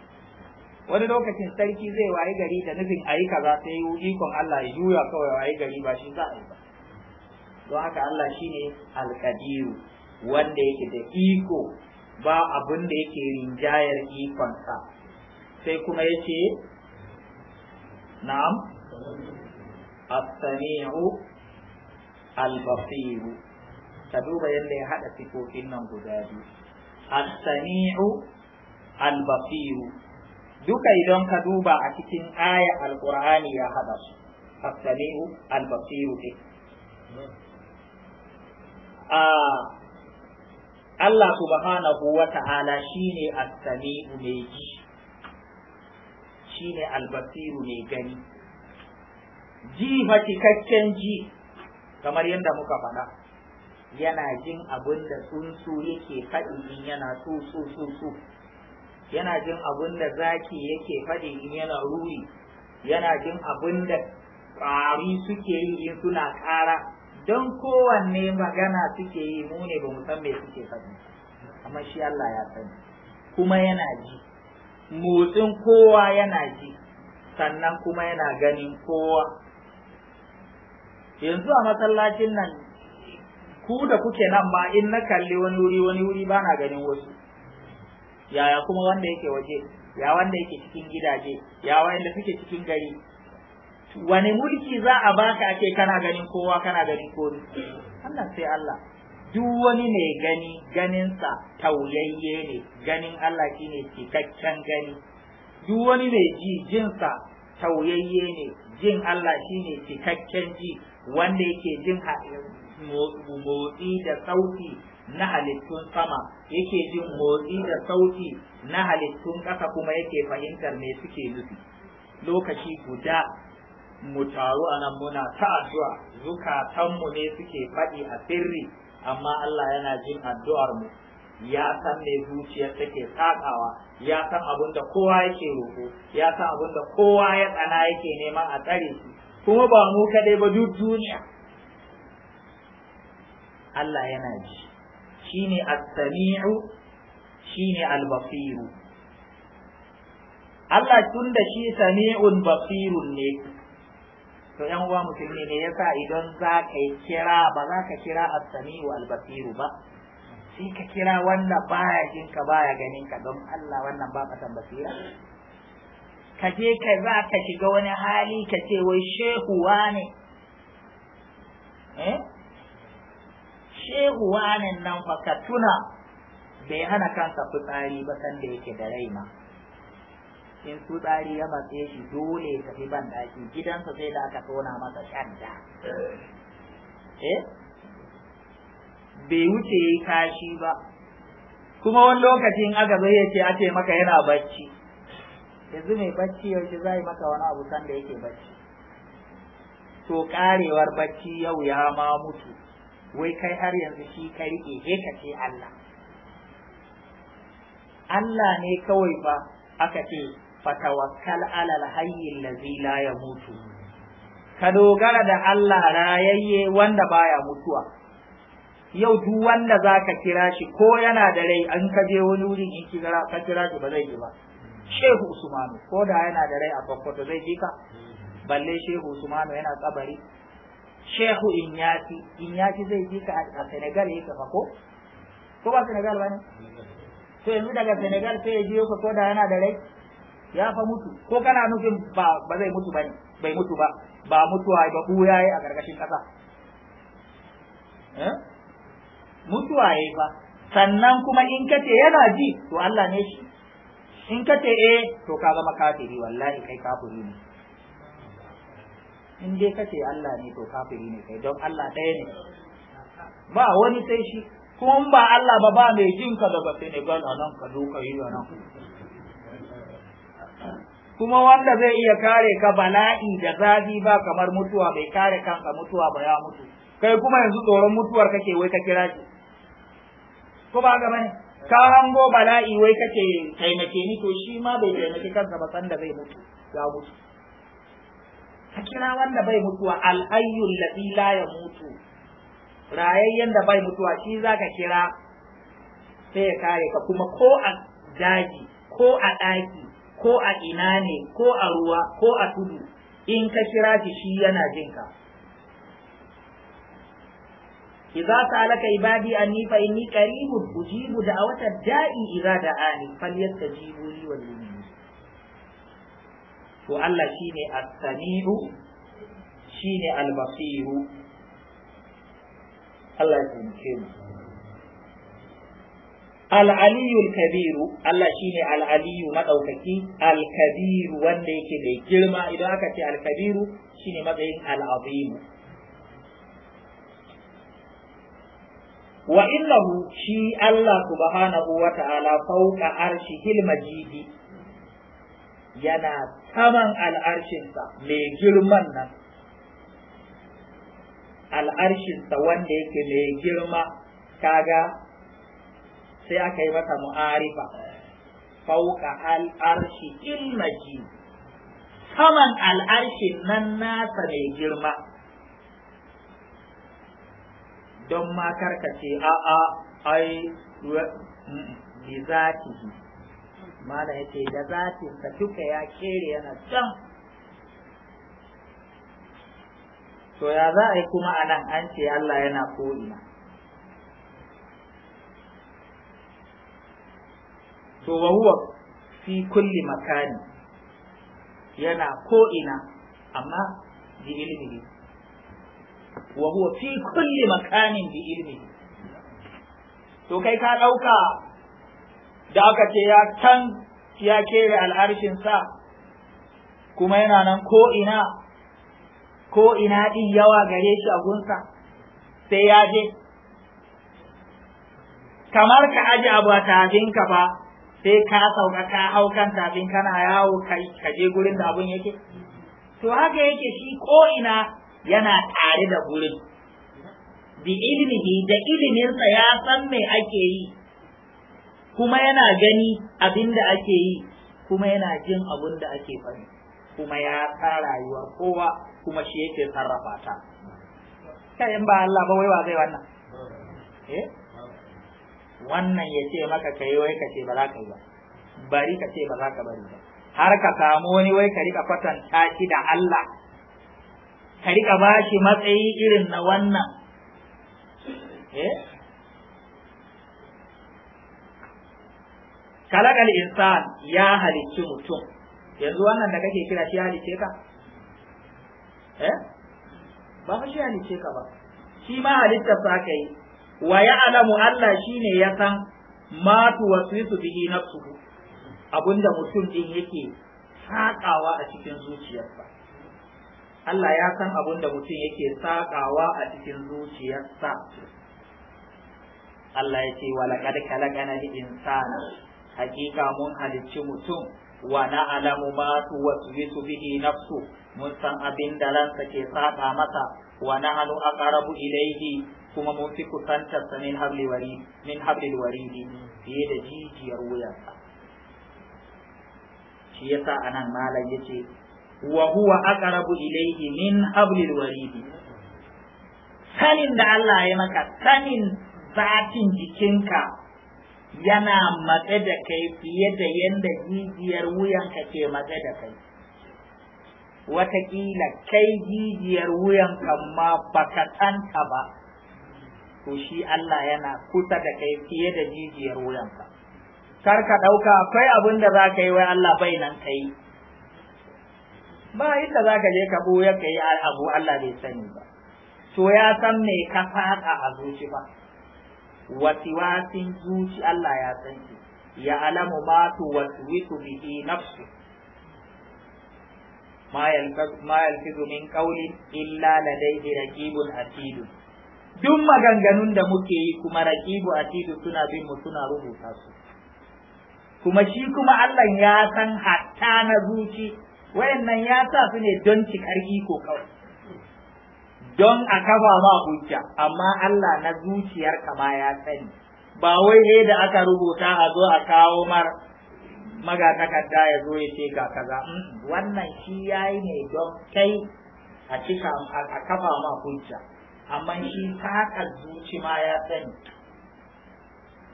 wani lokacin sarki zai wayi gari da nufin ayi kaza sai ikon Allah ya juya kawai wayi gari ba shi za a yi ba don haka Allah shine alkadiru wanda yake da iko ba abin da yake rinjayar ikonsa sai kuma yace na'am as-sami'u al basiru ka duba yadda ya hada sifofin nan guda biyu as-sami'u al-basiru duka idan ka duba a cikin aya al-qur'ani ya hada su as-sami'u al-basiru ne a Allah subhanahu wa ta'ala shine as-sami'u mai ji shine al-basiru ne gani ji fa ji kamar yadda muka faɗa yana jin abin da tsuntsu yake faɗi in yana su su su su yana jin abin da zaki yake faɗi in yana ruri yana jin abin da ƙwari suke yi in suna ƙara don kowanne magana suke yi mu ne ba mu san me suke faɗi amma shi Allah ya sani kuma yana ji motsin kowa yana ji sannan kuma yana ganin kowa yanzu a masallacin nan ku da kuke nan ma in na kalli wani wuri wani wuri ba na ganin wasu yaya kuma wanda yake waje ya wanda yake cikin gidaje ya wanda suke cikin gari wani mulki za a baka ake kana ganin kowa kana ganin kowa Allah sai Allah duk wani ne gani ganinsa tauyayye ne ganin Allah shine cikakken gani duk wani ne ji jinsa tauyayye ne jin Allah shine cikakken ji wanda yake jin motsi da sauti na halittun sama yake jin motsi da sauti na halittun ƙasa kuma yake fahimtar me suke nufi lokaci guda mu taru a nan muna ta addu'a zukatanmu ne suke faɗi a sirri amma Allah yana jin addu'ar mu ya san me zuciyar take sakawa ya san abin da kowa yake roƙo ya san abin da kowa ya tsana yake neman a tsare shi kuma ba mu kaɗai ba duk duniya Allah yana ji shine as-sami'u shine al-basiru Allah tun da shi sami'un basirun ne to yan uwa musulmi ne yasa idan za ka yi kira ba za ka kira as-sami'u al-basiru ba sai ka kira wanda baya jin ka baya ganin ka don Allah wannan ba ka basira ka je ka za ka shiga wani hali ka ce wai shehu ne eh shehu wanan nan fa bai hana kansa fitsari ba san da yake da rai ma in fitsari ya matse shi dole ya tafi ban daki gidansa sai da aka tona masa shadda eh bai wuce yayi kashi ba kuma wani lokacin aka zo yace a ce maka yana bacci yanzu mai bacci yaushe zai maka wani abu san da yake bacci to karewar bacci yau ya ma mutu wai kai har yanzu shi ka riƙe ke ka ce Allah Allah ne kawai fa aka ce fatawakkal alal hayyin lazi la ya mutu ka dogara da Allah rayayye wanda baya mutuwa yau duk wanda za ka kira shi ko yana da rai an ka je wani wurin in kira ka kira shi ba zai yi ba shehu usmanu ko da yana da rai a bakkwato zai ji balle shehu usmanu yana kabari shehu inyati inyati zai ji ka a senegal yake fa ko ko ba senegal ba ne to yanzu daga senegal sai ya jiyo ka ko da yana da rai ya fa mutu ko kana nufin ba ba zai mutu ba ne bai mutu ba ba mutuwa ba buya yi a gargashin kasa eh? mutuwa yi fa sannan kuma in ka ce yana ji to Allah ne shi in ka ce eh to ka zama kafiri wallahi kai kafiri ne in dai kace Allah ne to kafiri ne kai don Allah ɗaya ne ba wani sai shi kuma ba Allah ba ba mai jin ka daga ne a nan ka duka yi wa nan kuma wanda zai iya kare ka bala'i da zafi ba kamar mutuwa bai kare kanka mutuwa ba ya mutu kai kuma yanzu tsoron mutuwar kake wai ka kira shi ko ba ga bane ka hango bala'i wai kake taimake ni to shi ma bai taimake kansa ba sanda zai mutu ya mutu ka kira wanda bai mutuwa al'ayyun ladhi la mutu, rayayyen da bai mutuwa shi zaka kira sai ya kare ka kuma ko a daji ko a ɗaki ko a ina ne ko a ruwa ko a tudu in ka kira shi shi yana jin ka idza sa'alaka ibadi anni fa inni qaribun ujibu da'wata da'i idza da'ani falyastajibu li wal to Allah shine as-sami'u shine al-basiru Allah ya tunce mu al-aliyu al-kabiru Allah shine al-aliyu madaukaki al-kabiru wanda yake da girma idan aka ce al-kabiru shine matsayin al-azimu wa innahu shi Allah subhanahu wa ta'ala fawqa arshihil majidi yana saman al'arshinsa mai girman nan al'arshinsa wanda yake mai girma kaga sai aka yi masa mu'arifa fauka al'arshi ilmaji saman al'arshin nan nasa mai girma don ma karkace a'a ai bi zatihi mana yake da zatin ka duka ya kere yana can to ya za a yi kuma a nan an ce Allah yana ko'ina to wa huwa fi kulli makani yana ko'ina amma bi ilmihi wa huwa fi kulli makanin bi ilmihi to kai ka ɗauka da aka ce ya can ya kere al'arshinsa kuma yana nan ko'ina ko'ina ɗin yawa gare shi a gunsa sai ya je kamar ka aji abu a tafinka ba sai ka sauka ka hau kan tafin kana yawo ka je gurin da abun yake to haka yake shi ko'ina yana tare da gurin bi ilmihi da iliminsa ya san me ake yi kuma yana gani abin da ake yi kuma yana jin abin da ake faɗi kuma ya sa rayuwa kowa kuma shi yake sarrafa ta in ba Allah ba wai wa zai wannan eh wannan ya ce maka kai wai ka ce ba za ka yi ba bari ka ce ba za ka bari ba har ka samu wani wai ka rika kwatanta shi da Allah ka rika ba shi matsayi irin na wannan eh kalakal insan ya halicci mutum yanzu wannan da kake kira shi halicce ka eh ba fa shi halicce ka ba shi ma halitta sa kai wa ya'lamu Allah shine ya san ma tuwaswisu bihi nafsuhu abinda mutum din yake sakawa a cikin zuciyarsa Allah ya san abinda mutum yake sakawa a cikin zuciyarsa Allah ya ce wa laqad khalaqana al-insana hakika mun halicci mutum wa na alamu ma su bihi nafsu mun san abin da ransa ke saka masa wa na hannu a aqrabu ilaihi, kuma mun fi kusantar sa min habli wari min fiye da jijiyar wuyansa shi yasa anan malam yace wa huwa aqrabu ilaihi min hablil ne. sanin da Allah ya maka sanin zatin jikinka yana matsa da kai fiye da yadda jijiyar wuyanka ke matsa da kai wataƙila kai jijiyar wuyanka ma baka tsanta ba to shi Allah yana kusa da kai fiye da jijiyar wuyanka kar ka ɗauka akwai abin da za ka yi wai Allah bai nan ka yi. ba inda za ka je ka ɓoye ka yi abu Allah bai sani ba to ya san me ka faɗa a zuci ba wasiwasin zuci Allah ya san shi ya alamu ma tuwaswisu bihi nafsu ma yalfizu min qawlin illa ladayhi raqibun atid duk maganganun da muke yi kuma raqibu atid suna bin mu suna rubuta su kuma shi kuma Allah ya san hatta na zuci wayannan ya sa su ne don cikar iko kawai don a kafa ma hujja amma Allah na zuciyarka ma ya sani ba wai ne da aka rubuta a zo a kawo mar magatakarda ya zo ya ce ga kaza mm, wannan shi yayi ne don kai a cika a kafa ma hujja amma shi ka zuci ma ya sani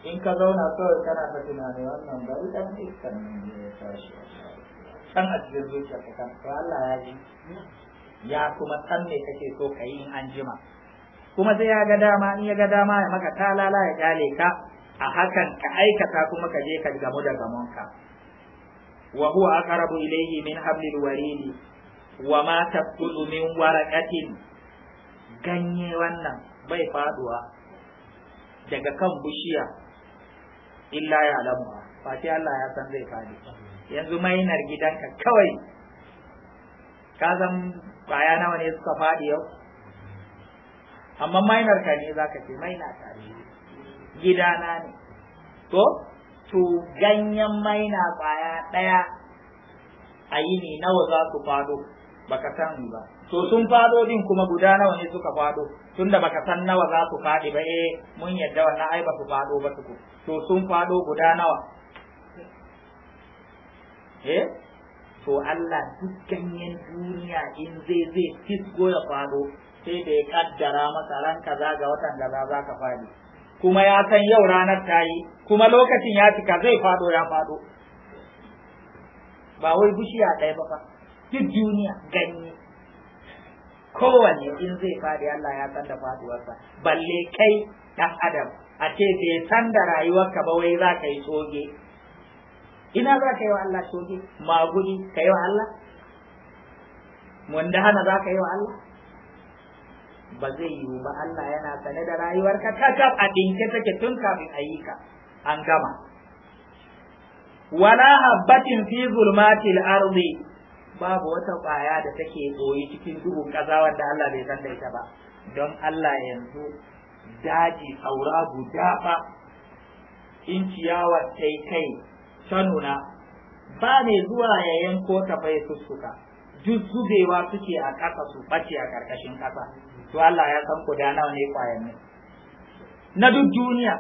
in ka zauna kawai kana ta tunani wannan bari ne iskan ne ya tashi can a cikin zuciya ka kan Allah ya ji ya kuma san me kake so ka yi in an jima kuma sai ya ga dama in ya ga dama ya maka talala ya kyale ka a hakan ka aikata kuma ka je ka gamu da gamonka wa huwa aqrabu ilayhi min hablil warid wa ma warakatin min waraqatin ganye wannan bai faduwa daga kan bishiya illa ya alamu fa sai Allah ya san zai fadi yanzu mainar gidanka kawai ka zan kwaya nawa ne suka faɗi yau amma mainar ka ne zaka ce maina ta ne gidana ne to to ganyen maina kwaya ɗaya a yi ne nawa za su faɗo baka san ba to sun faɗo din kuma guda nawa ne suka faɗo tunda baka san nawa za su faɗi ba eh mun yadda wannan ai ba su faɗo ba su to sun faɗo guda nawa eh to Allah duk ganyen duniya in zai zai fisko ya faru sai da ya kaddara masa ran kaza ga watan da za ka faɗi kuma ya san yau ranar ta yi kuma lokacin ya cika zai faɗo ya faɗo ba wai bishiya ɗaya ba fa duk duniya ganye kowane in zai faɗi Allah ya san da faɗuwarsa balle kai ɗan adam a ce bai san da rayuwarka ba wai za ka yi tsoge ina za ka yi wa Allah shoge maguni ka yi wa Allah wanda hana za ka yi wa Allah ba zai yiwu ba Allah yana sane da rayuwar kaka a dinke take tun kafin ayyuka an gama wala habbatin fi zulmatil ardi babu wata ƙwaya da take tsoyi cikin duhun kaza wanda Allah bai san ita ba don Allah yanzu daji aura guda ba in ciyawar kai kai ta nuna ba mai zuwa yayin ko ta bai suka. duk zubewa suke a ƙasa su ɓace a ƙarƙashin ƙasa to Allah ya san ku nawa ne ne na duk duniya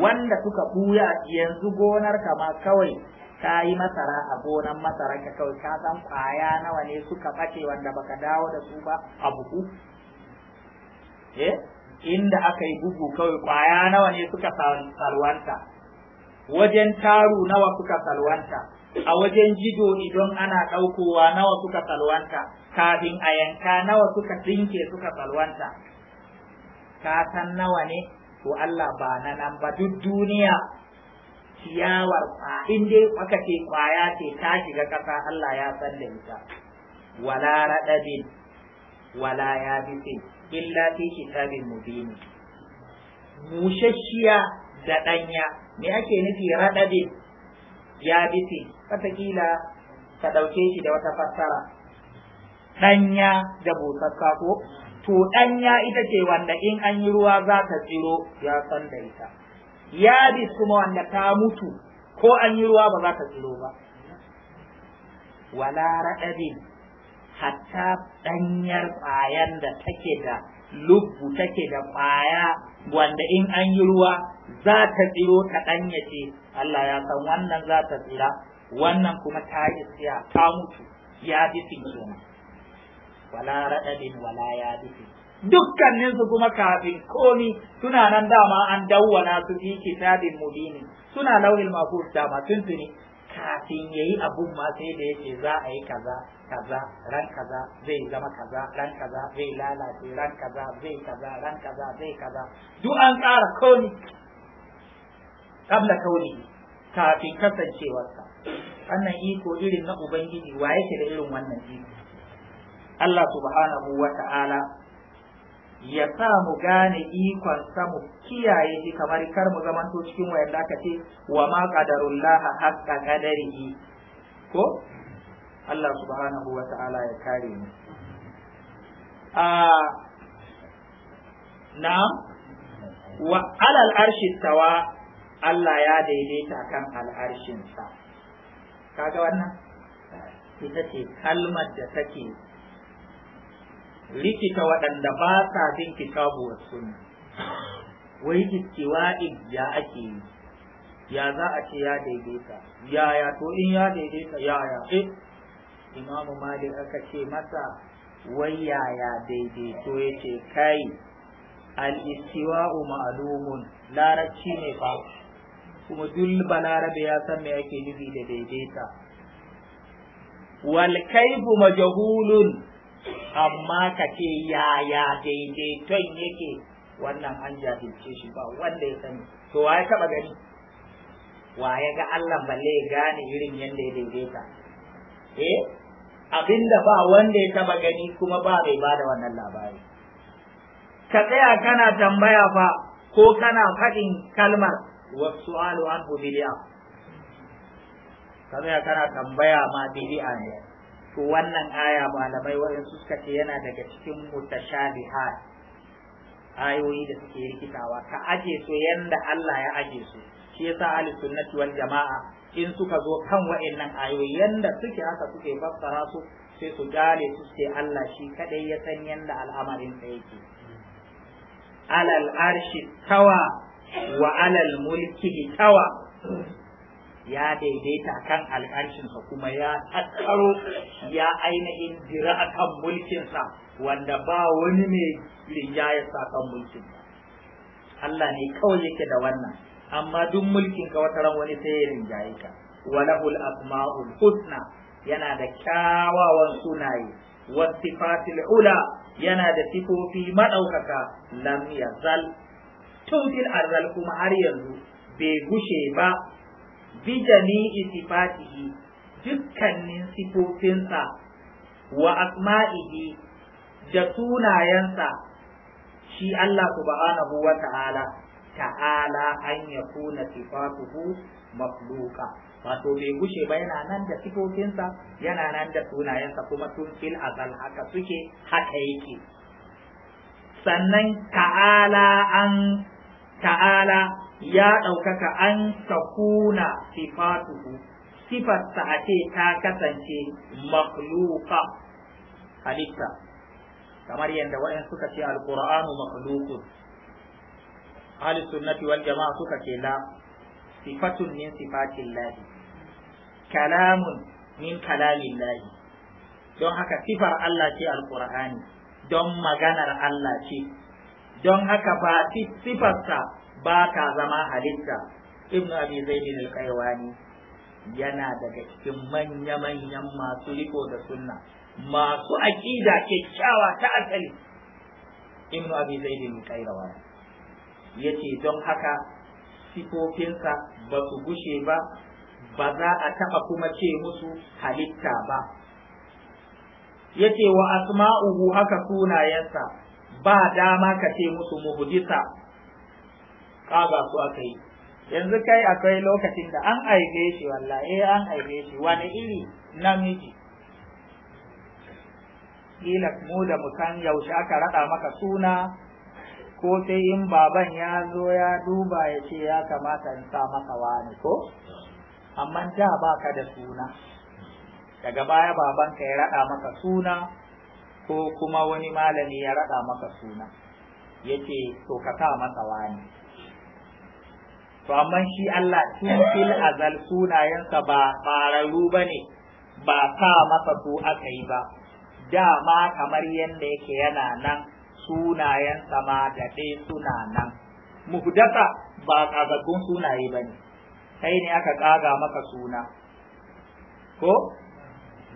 wanda suka buya yanzu gonar ma kawai ka yi masara a gonan masara ka kawai ka san ƙwaya nawa ne suka ɓace wanda baka dawo da su ba a buku eh inda aka yi bugu kawai ƙwaya nawa ne suka salwanta wajen taru nawa suka salwanta a wajen jido idan ana ɗaukowa nawa suka salwanta kafin a yanka nawa suka dinke suka salwanta ka san nawa ne to Allah ba na nan ba duk duniya ciyawar a in dai aka ce kwaya ce ta shiga ƙasa Allah ya san da ita wala raɗaɗin wala ya bise illa fi kitabin mubini mushashiya da ɗanya me ake nufi raɗaɗe ya bisi wataƙila ka ɗauke shi da wata fassara ɗanya da busassa ko to ɗanya ita ce wanda in an yi ruwa za ta tsiro ya san da ita ya kuma wanda ta mutu ko an yi ruwa ba za ta tsiro ba wala raɗaɗe hatta ɗanyar ƙwayan da take da lubbu take da ƙwaya wanda in an yi ruwa za ta tsiro ta ɗanyace Allah ya san wannan za ta tsira wannan kuma ta yi tsiya ta mutu ya fi wala raɗaɗin wala ya bisin dukkaninsu kuma kafin komi suna nan dama an dawwana su fi kitabin mubini suna launin mafus dama tuntuni kafin ya yi abun ma sai da yake za a yi kaza kaza ran kaza zai zama kaza ran kaza zai lalace ran kaza zai kaza ran kaza zai kaza duk an tsara kauni kabla kauni kafin kasancewarsa wannan iko irin na ubangiji wa yake da irin wannan iko Allah subhanahu wa ta'ala ya sa mu gane ikon samu kiyaye shi kamar kar mu zamanto cikin wayanda aka ce wa ma qadarullah haqqa qadarihi ko Allah subhanahu wa ta'ala ya kare mu a na'am wa alal arshi tawa Allah ya daidaita kan al'arshinsa kaga wannan ita ce kalmar da take Likita waɗanda ba sa bin kitabu wa sunna wai ya ake yi ya za a ce ya daidaita yaya to in ya daidaita yaya eh imamu malik aka ce masa wai yaya daidaito ya ce kai al-istiwa'u ma'lumun larabci ne ba kuma duk balarabe ya san me ake nufi da daidaita wal kaifu majhulun amma ka ce yaya daidaiton yake wannan an jahilce shi ba wanda ya sani to wa ya taba gani wa ya ga Allah balle ya gane irin yadda ya daidaita eh abinda ba wanda ya taba gani kuma ba bai bada wannan labari ka tsaya kana tambaya fa ko kana faɗin kalmar wasu alu an ka tsaya kana tambaya ma bidi'a ne to wannan aya malamai waɗansu suka ce yana daga cikin mutashabihat ayoyi da suke rikitawa ka aje su yanda Allah ya aje su shi yasa ahli sunnati wal jama'a in suka zo kan wayannan ayoyi yanda suke haka suke fassara su sai su gane su ce Allah shi kadai ya san yanda al'amarin sa yake alal arshi tawa wa alal mulki tawa ya daidaita kan al'arshinsa kuma ya tattaro ya ainihin jira a kan mulkinsa wanda ba wani mai rinjaya sa kan mulkin Allah ne kawai yake da wannan amma duk mulkin ka wata ran wani sai ya rinjaye ka walahul asma'ul husna yana da kyawawan sunaye sifatul ula yana da sifofi madaukaka lam yazal tun arzal kuma har yanzu bai gushe ba bi jami'i sifatihi dukkanin sifofinsa wa asma'ihi da sunayensa shi Allah subhanahu wa ta'ala ta'ala an ya kuna sifatuhu mafluka wato bai gushe ba yana nan da sifofinsa yana nan da sunayensa kuma tun fil azal haka suke haka yake sannan ta'ala an ta'ala ya ɗaukaka an sakuna sifatuhu sifarsa a ce ta kasance makhluqa halitta kamar yadda waɗansu suka ce alqur'anu makhluqun ahli sunnati wal jama'a suka ce la sifatun min sifatillahi kalamun min kalamillahi don haka sifar Allah ce alqur'ani don maganar Allah ce don haka ba sifarsa ba ta zama halitta ibnu abi zaidin al-qaywani yana daga cikin manya-manyan masu riko da sunna masu aƙida kyakkyawa ta asali ibnu abi zaidin al-qaywani yace don haka sifofinsa ba su gushe ba ba za a taɓa kuma ce musu halitta ba yace wa asma'uhu haka sunayensa ba dama ka ce musu muhdisa kaga su aka yi yanzu kai akwai lokacin da an aibe shi wallahi eh, an aibe shi wani iri namiji kila mu da mu san yaushe aka raɗa maka suna ko sai in baban ya zo ya duba ya ce ya kamata in sa maka wani ko amma da baka da suna daga baya babanka ya raɗa maka suna ko kuma wani malami ya raɗa maka suna ya ce to ka sa masa wani to amma shi Allah tun fil azal sunayensa ba fararu bane ba sa masa su aka yi ba dama kamar yadda yake yana nan sunayensa ma da ɗaya suna nan muhdasa ba kagaggun sunaye ba ne sai ne aka kaga maka suna ko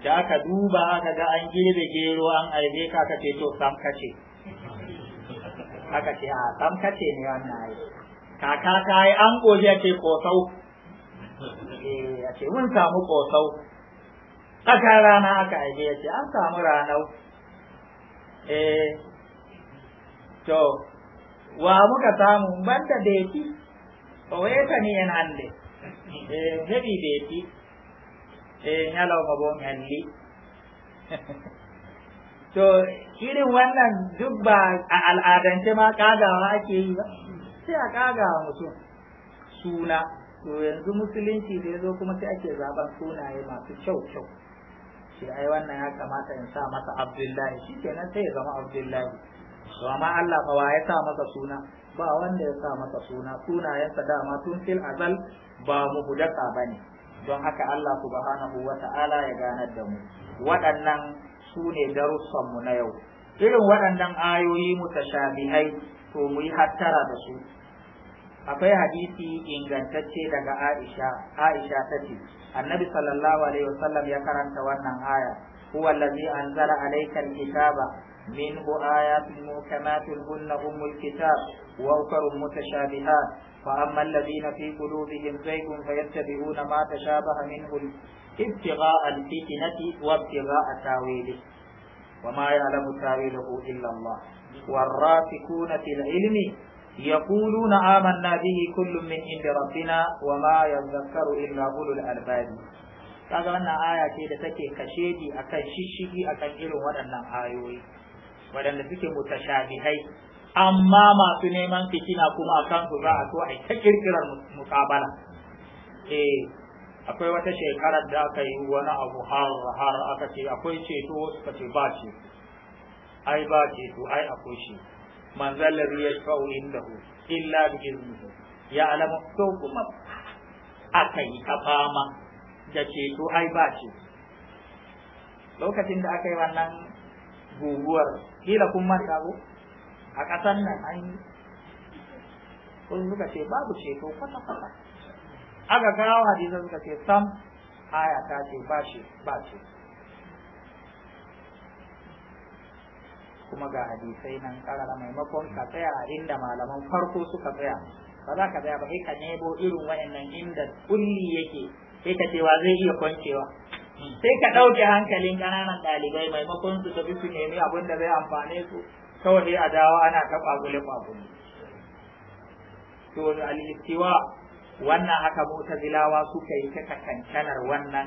da aka duba aka ga an girbe gero an aibe ka aka ce to sam kace aka ce a sam kace ne wannan ai kaka ta yi an goje ce kosau eh a ce mun samu kosau aka rana aka aibe ce an samu ranau eh to wa muka samu banda da yake ba wai ta ne hande eh hebi da yake eh nyalauma bon halli to irin wannan duk ba a al'adance ma kagawa ake yi ba sai a kagawa mutum suna to yanzu musulunci da yazo kuma sai ake zaben sunaye masu kyau kyau shi ai wannan ya kamata in sa masa abdullahi shi kenan sai ya zama abdullahi to amma Allah fa wa ya sa masa suna ba wanda ya sa masa suna sunayensa dama tun fil azal ba mu hudaka bane don haka Allah subhanahu wa ta'ala ya ganar da mu waɗannan su ne darussanmu na yau irin waɗannan ayoyi mu ta mutashabihai to mu yi hattara da su akwai hadisi ingantacce daga Aisha Aisha tace Annabi sallallahu alaihi wasallam ya karanta wannan aya huwa allazi anzala alayka alkitaba منه آيات محكمات هن أم الكتاب وأخر متشابهات فأما الذين في قلوبهم زيغ فيتبعون ما تشابه منه ابتغاء الفتنة وابتغاء تاويله وما يعلم تاويله إلا الله والرافقون في العلم يقولون آمنا به كل من عند ربنا وما يذكر إلا أولو الألباب kaga wannan aya ce da take kashedi akan shishigi akan irin waɗannan ayoyi waɗanda suke mutashabihai amma masu neman fitina kuma a su za a so a ta kirkirar mukabala eh akwai wata shekarar da aka yi wani abu har har aka ce akwai ceto wasu ka ce ba ce ai ba ceto ai akwai shi manzal ladhi yashfa'u indahu illa bi iznihi ya alama to kuma aka yi ta fama da ceto ai ba ce lokacin da aka yi wannan guguwar kila kun manta ko a ƙasan nan an yi kun suka ce babu ceto kwata kwata aka kawo hadisan suka ce sam aya ta ce ba shi ba ce kuma ga hadisai nan karara maimakon ka tsaya a inda malaman farko suka tsaya ba za ka tsaya ba kai ka nebo irin wayannan inda kulli yake sai ka ce wa zai iya kwancewa sai ka ɗauke hankalin ƙananan ɗalibai maimakon su tafi su nemi abin da zai amfane su kawai a dawo ana ta ƙwagule ƙwagule to al-istiwa wannan haka zilawa suka yi ta kakankanar wannan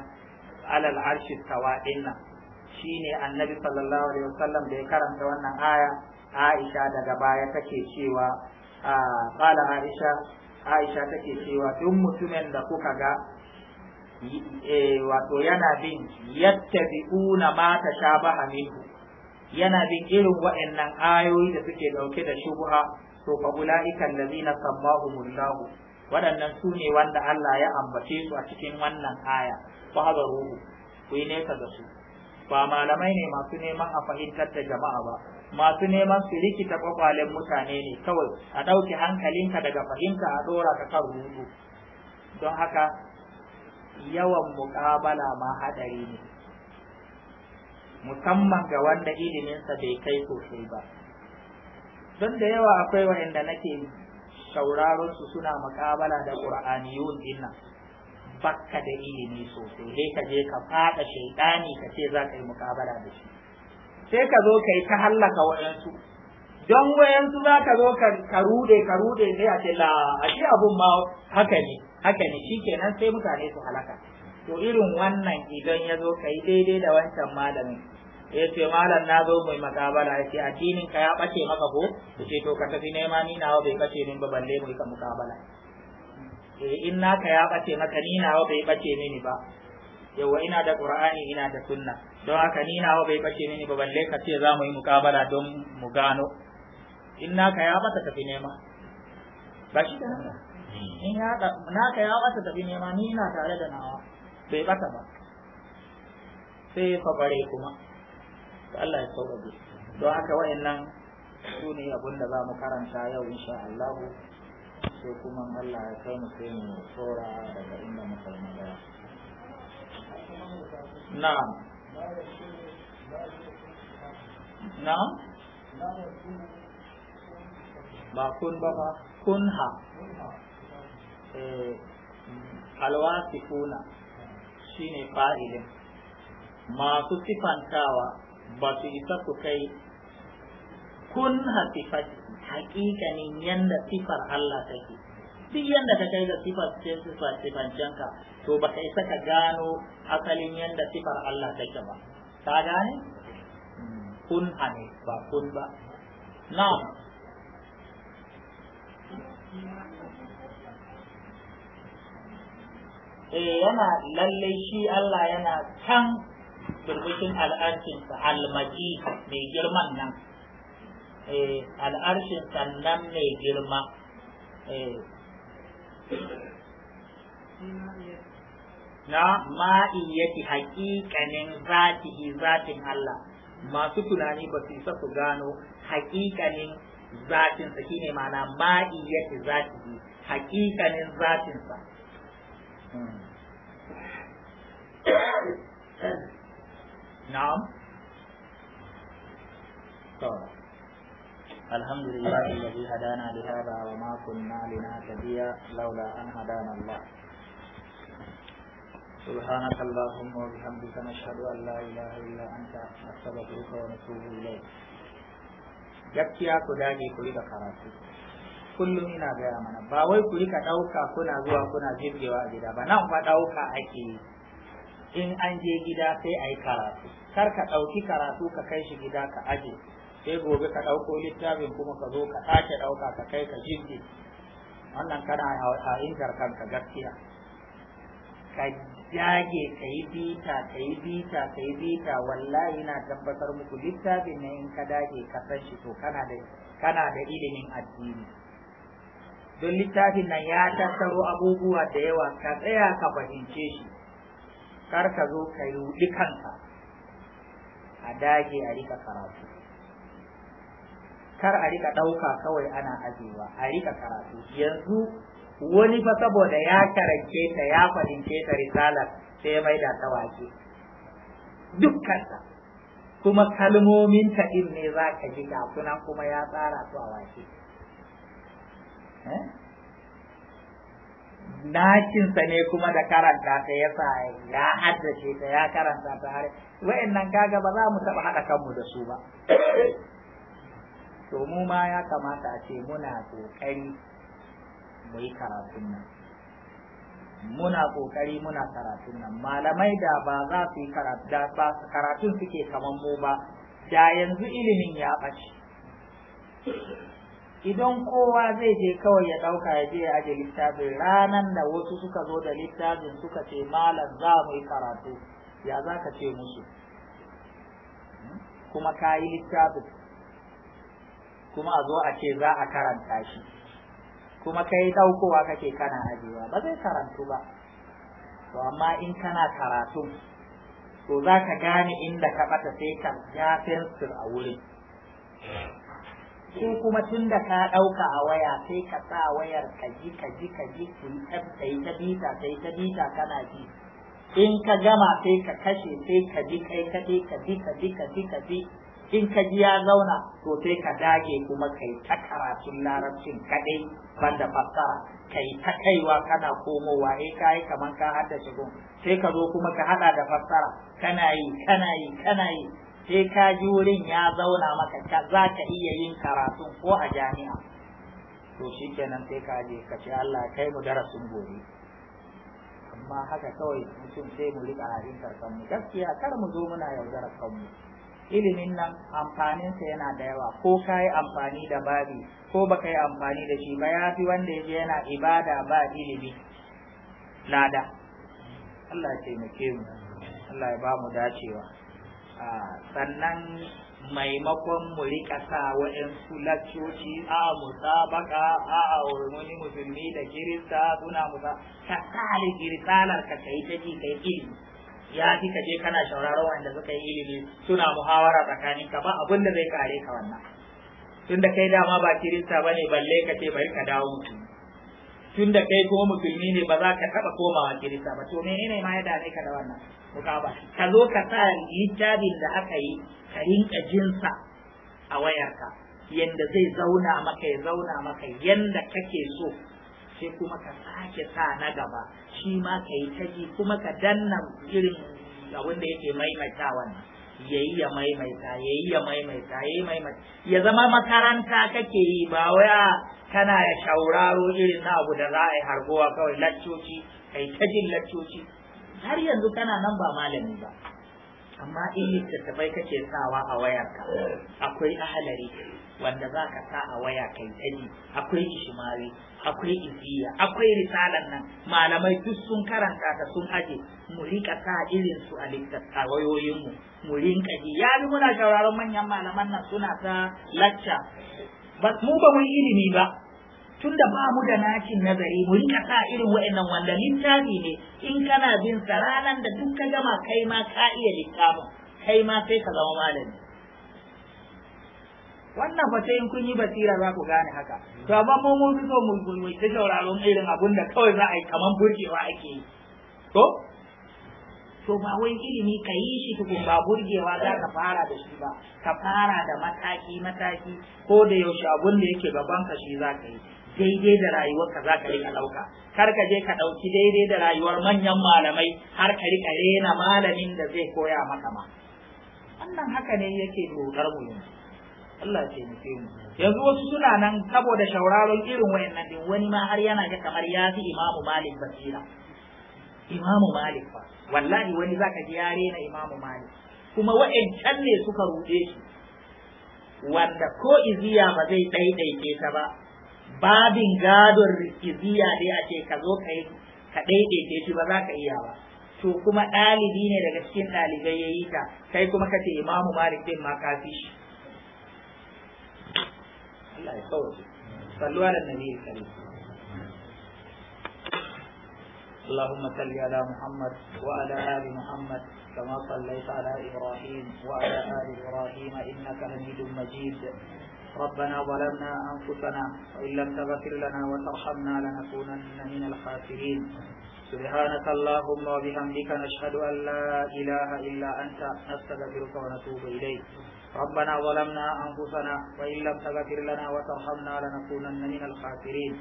alal arshi tawa dinnan shine annabi sallallahu alaihi wasallam da ya karanta wannan aya Aisha daga baya take cewa ƙala Aisha Aisha take cewa duk mutumin da kuka ga Eh, wato yana bin yattabi'una ma Shaba minhu yana bin irin wa'annan ayoyi da suke dauke da shubha to fa ulaika allazina sammahumullahu waɗannan su ne wanda Allah ya ambace su a cikin wannan aya fa hadaruhu ku yi nesa da su ba malamai ne masu neman a fahimtar da jama'a ba masu neman su rikita kwakwalen mutane ne kawai a ɗauke hankalinka daga fahimta a ɗora ka kan rudu don haka yawan muƙabala ma hadari ne musamman ga wanda iliminsa bai kai sosai ba don da yawa akwai waɗanda nake sauraron su suna muƙabala da ƙur'aniyun dinnan bakka da ilimi sosai sai ka je ka faɗa shaiɗani ka ce za ka yi muƙabala da shi sai ka zo ka ta hallaka wayansu. don wayansu za ka zo ka rude ka rude sai a ce la a abun ma haka ne haka ne nan sai mutane su halaka to irin wannan idan ya zo kai daidai da wancan malamin ya ce malam na zo mai makabala. ya ce addinin ka ya ɓace maka ko ya ce to ka tafi nema ni nawa bai ɓace min ba balle mu ka mukabala eh in naka ya ɓace maka ni nawa bai ɓace mini ba yawa ina da qur'ani ina da sunna don haka ni nawa bai ɓace mini ba balle ka ce za mu yi mukabala don mu gano in naka ya bata tafi nema ba shi da nan in ya naka ya bata tafi nema ni na tare da nawa bai bata ba sai fabare kuma Allah ya sauƙaƙe don haka wayannan su ne abin da za mu karanta yau insha Allah sai kuma Allah ya kai mu sai mu tsora daga inda muka yi magana na'am na'am ba kun ba ba kun ha Eh, alwasifuna shine fa'ilin masu sifantawa ba su isa su kai kun hasifati hakikanin yadda sifar Allah take duk yadda ka kai ga sifar ce sifar sifancenka to ba ka isa ka gano asalin yadda sifar Allah take ba ta gane kun hane ba kun ba na. eh yana lalle shi Allah yana can birbishin al'arshinsa almaji mai girman nan eh al'arshin nan mai girma eh na ma'iyyati haƙiƙanin zatihi zatin Allah masu tunani ba su isa su gano haƙiƙanin zatinsa shine ma'ana ma'iyyati zatihi haƙiƙanin zatinsa نعم طبعا. الحمد لله الذي هدانا لهذا وما كنا لنهتدي لولا أن هدانا الله سبحانك اللهم وبحمدك نشهد أن لا إله إلا أنت نستغفرك ونتوب إليك يكفي اكو dage كل riga kullum ina gaya mana ba wai ku rika ɗauka kuna zuwa kuna jirgewa a gida ba nan ba ɗauka ake yi in an je gida sai a yi karatu kar ka ɗauki karatu ka kai shi gida ka aje sai gobe ka ɗauko littafin kuma ka zo ka sake ɗauka ka kai ka jirge wannan kana a intar kanka gaskiya ka jage ka yi bita ka yi bita ka yi bita wallahi na tabbatar muku littafin ne in ka dage ka san shi to kana da kana da ilimin addini don littafin nan ya tattaro abubuwa da yawa ka tsaya ka fahimce shi kar ka zo ka yi kanka a dage a rika karatu kar a rika ɗauka kawai ana ajewa a rika karatu yanzu wani fa saboda ya karance ta ya fahimce ta risalar sai ya maida ta wake dukkansa kuma kalmomin ta ne za ka ji kuma ya tsara su a wake Eh? sa ne kuma da karanta ta yasa ya haddace ta ya karanta ta har wa'annan kaga ba za mu taɓa haɗa kanmu da su ba. To mu ma ya kamata a ce muna ƙoƙari mu yi karatun nan. Muna ƙoƙari muna karatun nan. Malamai da ba za su yi karatun suke kamar mu ba, da yanzu ilimin ya ɓace. idan kowa zai je kawai ya ɗauka ya je ya aje littafin ranan da wasu suka zo da littafin suka ce malam za mu yi karatu ya za ka ce musu kuma ka yi littafin kuma a zo a ce za a karanta shi kuma ka yi ɗaukowa kake kana ajiyewa, ba zai karantu ba to amma in kana karatu to za ka gane inda ka ɓata sai ka ja fensir a wurin in kuma tun da ka ɗauka a waya sai ka sa wayar ka ji ka ji ka ji ka yi ta bita ka yi ta bita kana ji in ka gama sai ka kashe sai ka ji kai ka ji ka ji ka ji ka ji ka ji in ka ji ya zauna to sai ka dage kuma kai ta karatun larabcin kaɗai banda fassara kai ta kaiwa kana komowa eh ka yi kamar ka haddace gun sai ka zo kuma ka haɗa da fassara kana yi kana yi kana yi sai ka ji wurin ya zauna maka za ka iya yin karatu ko a jami'a to shi kenan sai ka je ka ce Allah kai mu darasin gobe amma haka kawai mutum sai mu riƙa a kanmu gaskiya kar mu zo muna yaudarar kanmu ilimin nan amfaninsa yana da yawa ko ka yi amfani da babi ko ba ka yi amfani da shi ba ya fi wanda ya je yana ibada ba ilimi lada Allah ya taimake mu Allah ya ba mu dacewa sannan maimakon mu rika sa waɗansu laccoci a musabaka a wani musulmi da kirista suna musa ka kare kirsalar ka kai ta ji kai ilimi ya fi ka je kana shauraro wanda suka yi ilimi suna muhawara tsakanin ka ba abin da zai kare ka wannan tun da kai dama ba kirista bane balle ka ce bari ka dawo mutum tun da kai kuma musulmi ne ba za ka taɓa komawa kirista ba to menene ma ya dame ka da wannan ka zo ka sa littafin da aka yi ka rinka jinsa a wayarka yanda zai zauna maka ya zauna maka yanda kake so sai kuma ka sake sa na gaba shi ma ka yi ta ji kuma ka danna irin abin da yake maimaita wannan yayi ya maimaita yayi ya maimaita yayi maimaita ya zama makaranta kake yi ba waya kana ya shauraro irin na abu da za a yi harbowa kawai laccoci kai ta jin laccoci har yanzu kana nan ba malami ba amma in littattafai kake sawa a wayar ka. akwai ahalari wanda za ka sa a waya kai tsaji akwai ishimari akwai iziya akwai risalar nan malamai duk sun karanta ta sun aje mu rika sa irin su a littattafa wayoyin mu mu rinka ji ya bi muna shauraron manyan malaman nan suna ta lacca ba mu ba mu ilimi ba tunda ba mu da nakin nazari mu rika sa irin wa'annan wanda littafi ne in kana bin sa ranar da duk ka gama kai ma ka iya littafin kai ma sai ka zama malami wannan fa sai in kun yi basira za ku gane haka to amma mu mun fi so mu mu ta irin abun da kawai za a yi kaman burgewa ake yi to to ba wai ilimi ka yi shi tukun ba burgewa za ka fara da shi ba ka fara da mataki mataki ko da yaushe abun da yake gaban ka shi za ka yi daidai da rayuwar ka za ka rika ɗauka kar ka je ka ɗauki daidai da rayuwar manyan malamai har ka rika rena malamin da zai koya maka ma wannan haka ne yake dogar mu yanzu Allah ya taimake mu yanzu wasu suna nan saboda shauraron irin wayannan din wani ma har yana ga kamar ya fi Imamu Malik basira Imamu Malik fa wallahi wani zaka ji yare na Imamu Malik kuma wa'ancan ne suka ruɗe shi wanda ko iziya ba zai daidaike ta ba babin gadon rikiziya dai a ce ka zo ka yi ka daidaita shi ba za ka iya ba to kuma ɗalibi ne daga cikin ɗalibai ya yi ta kai kuma ka ce imamu malik din ma ka fi shi Allah ya sauke sallu ala nabi اللهم صل على محمد وعلى ال محمد كما صليت على إبراهيم وعلى آل إبراهيم إنك حميد مجيد ربنا ظلمنا أنفسنا وإن لم تغفر لنا وترحمنا لنكونن من الخاسرين سبحانك اللهم وبحمدك نشهد أن لا إله إلا أنت نستغفرك ونتوب إليك ربنا ظلمنا أنفسنا وإن لم تغفر لنا وترحمنا لنكونن من الخاسرين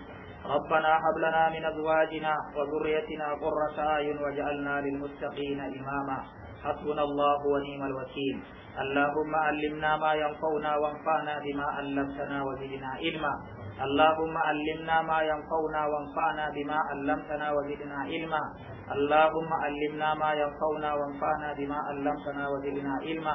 ربنا هب لنا من أزواجنا وذريتنا قرة أعين واجعلنا للمتقين إماما حسبنا الله ونعم الوكيل اللهم علمنا ما ينفعنا وانفعنا بما علمتنا وزدنا علما اللهم علمنا ما ينفعنا وانفعنا بما علمتنا وزدنا علما اللهم علمنا ما ينفعنا وانفعنا بما علمتنا وزدنا علما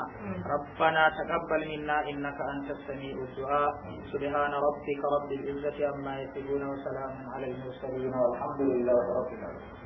ربنا تقبل منا انك انت السميع الدعاء سبحان ربك رب العزه عما يصفون وسلام على المرسلين والحمد لله رب العالمين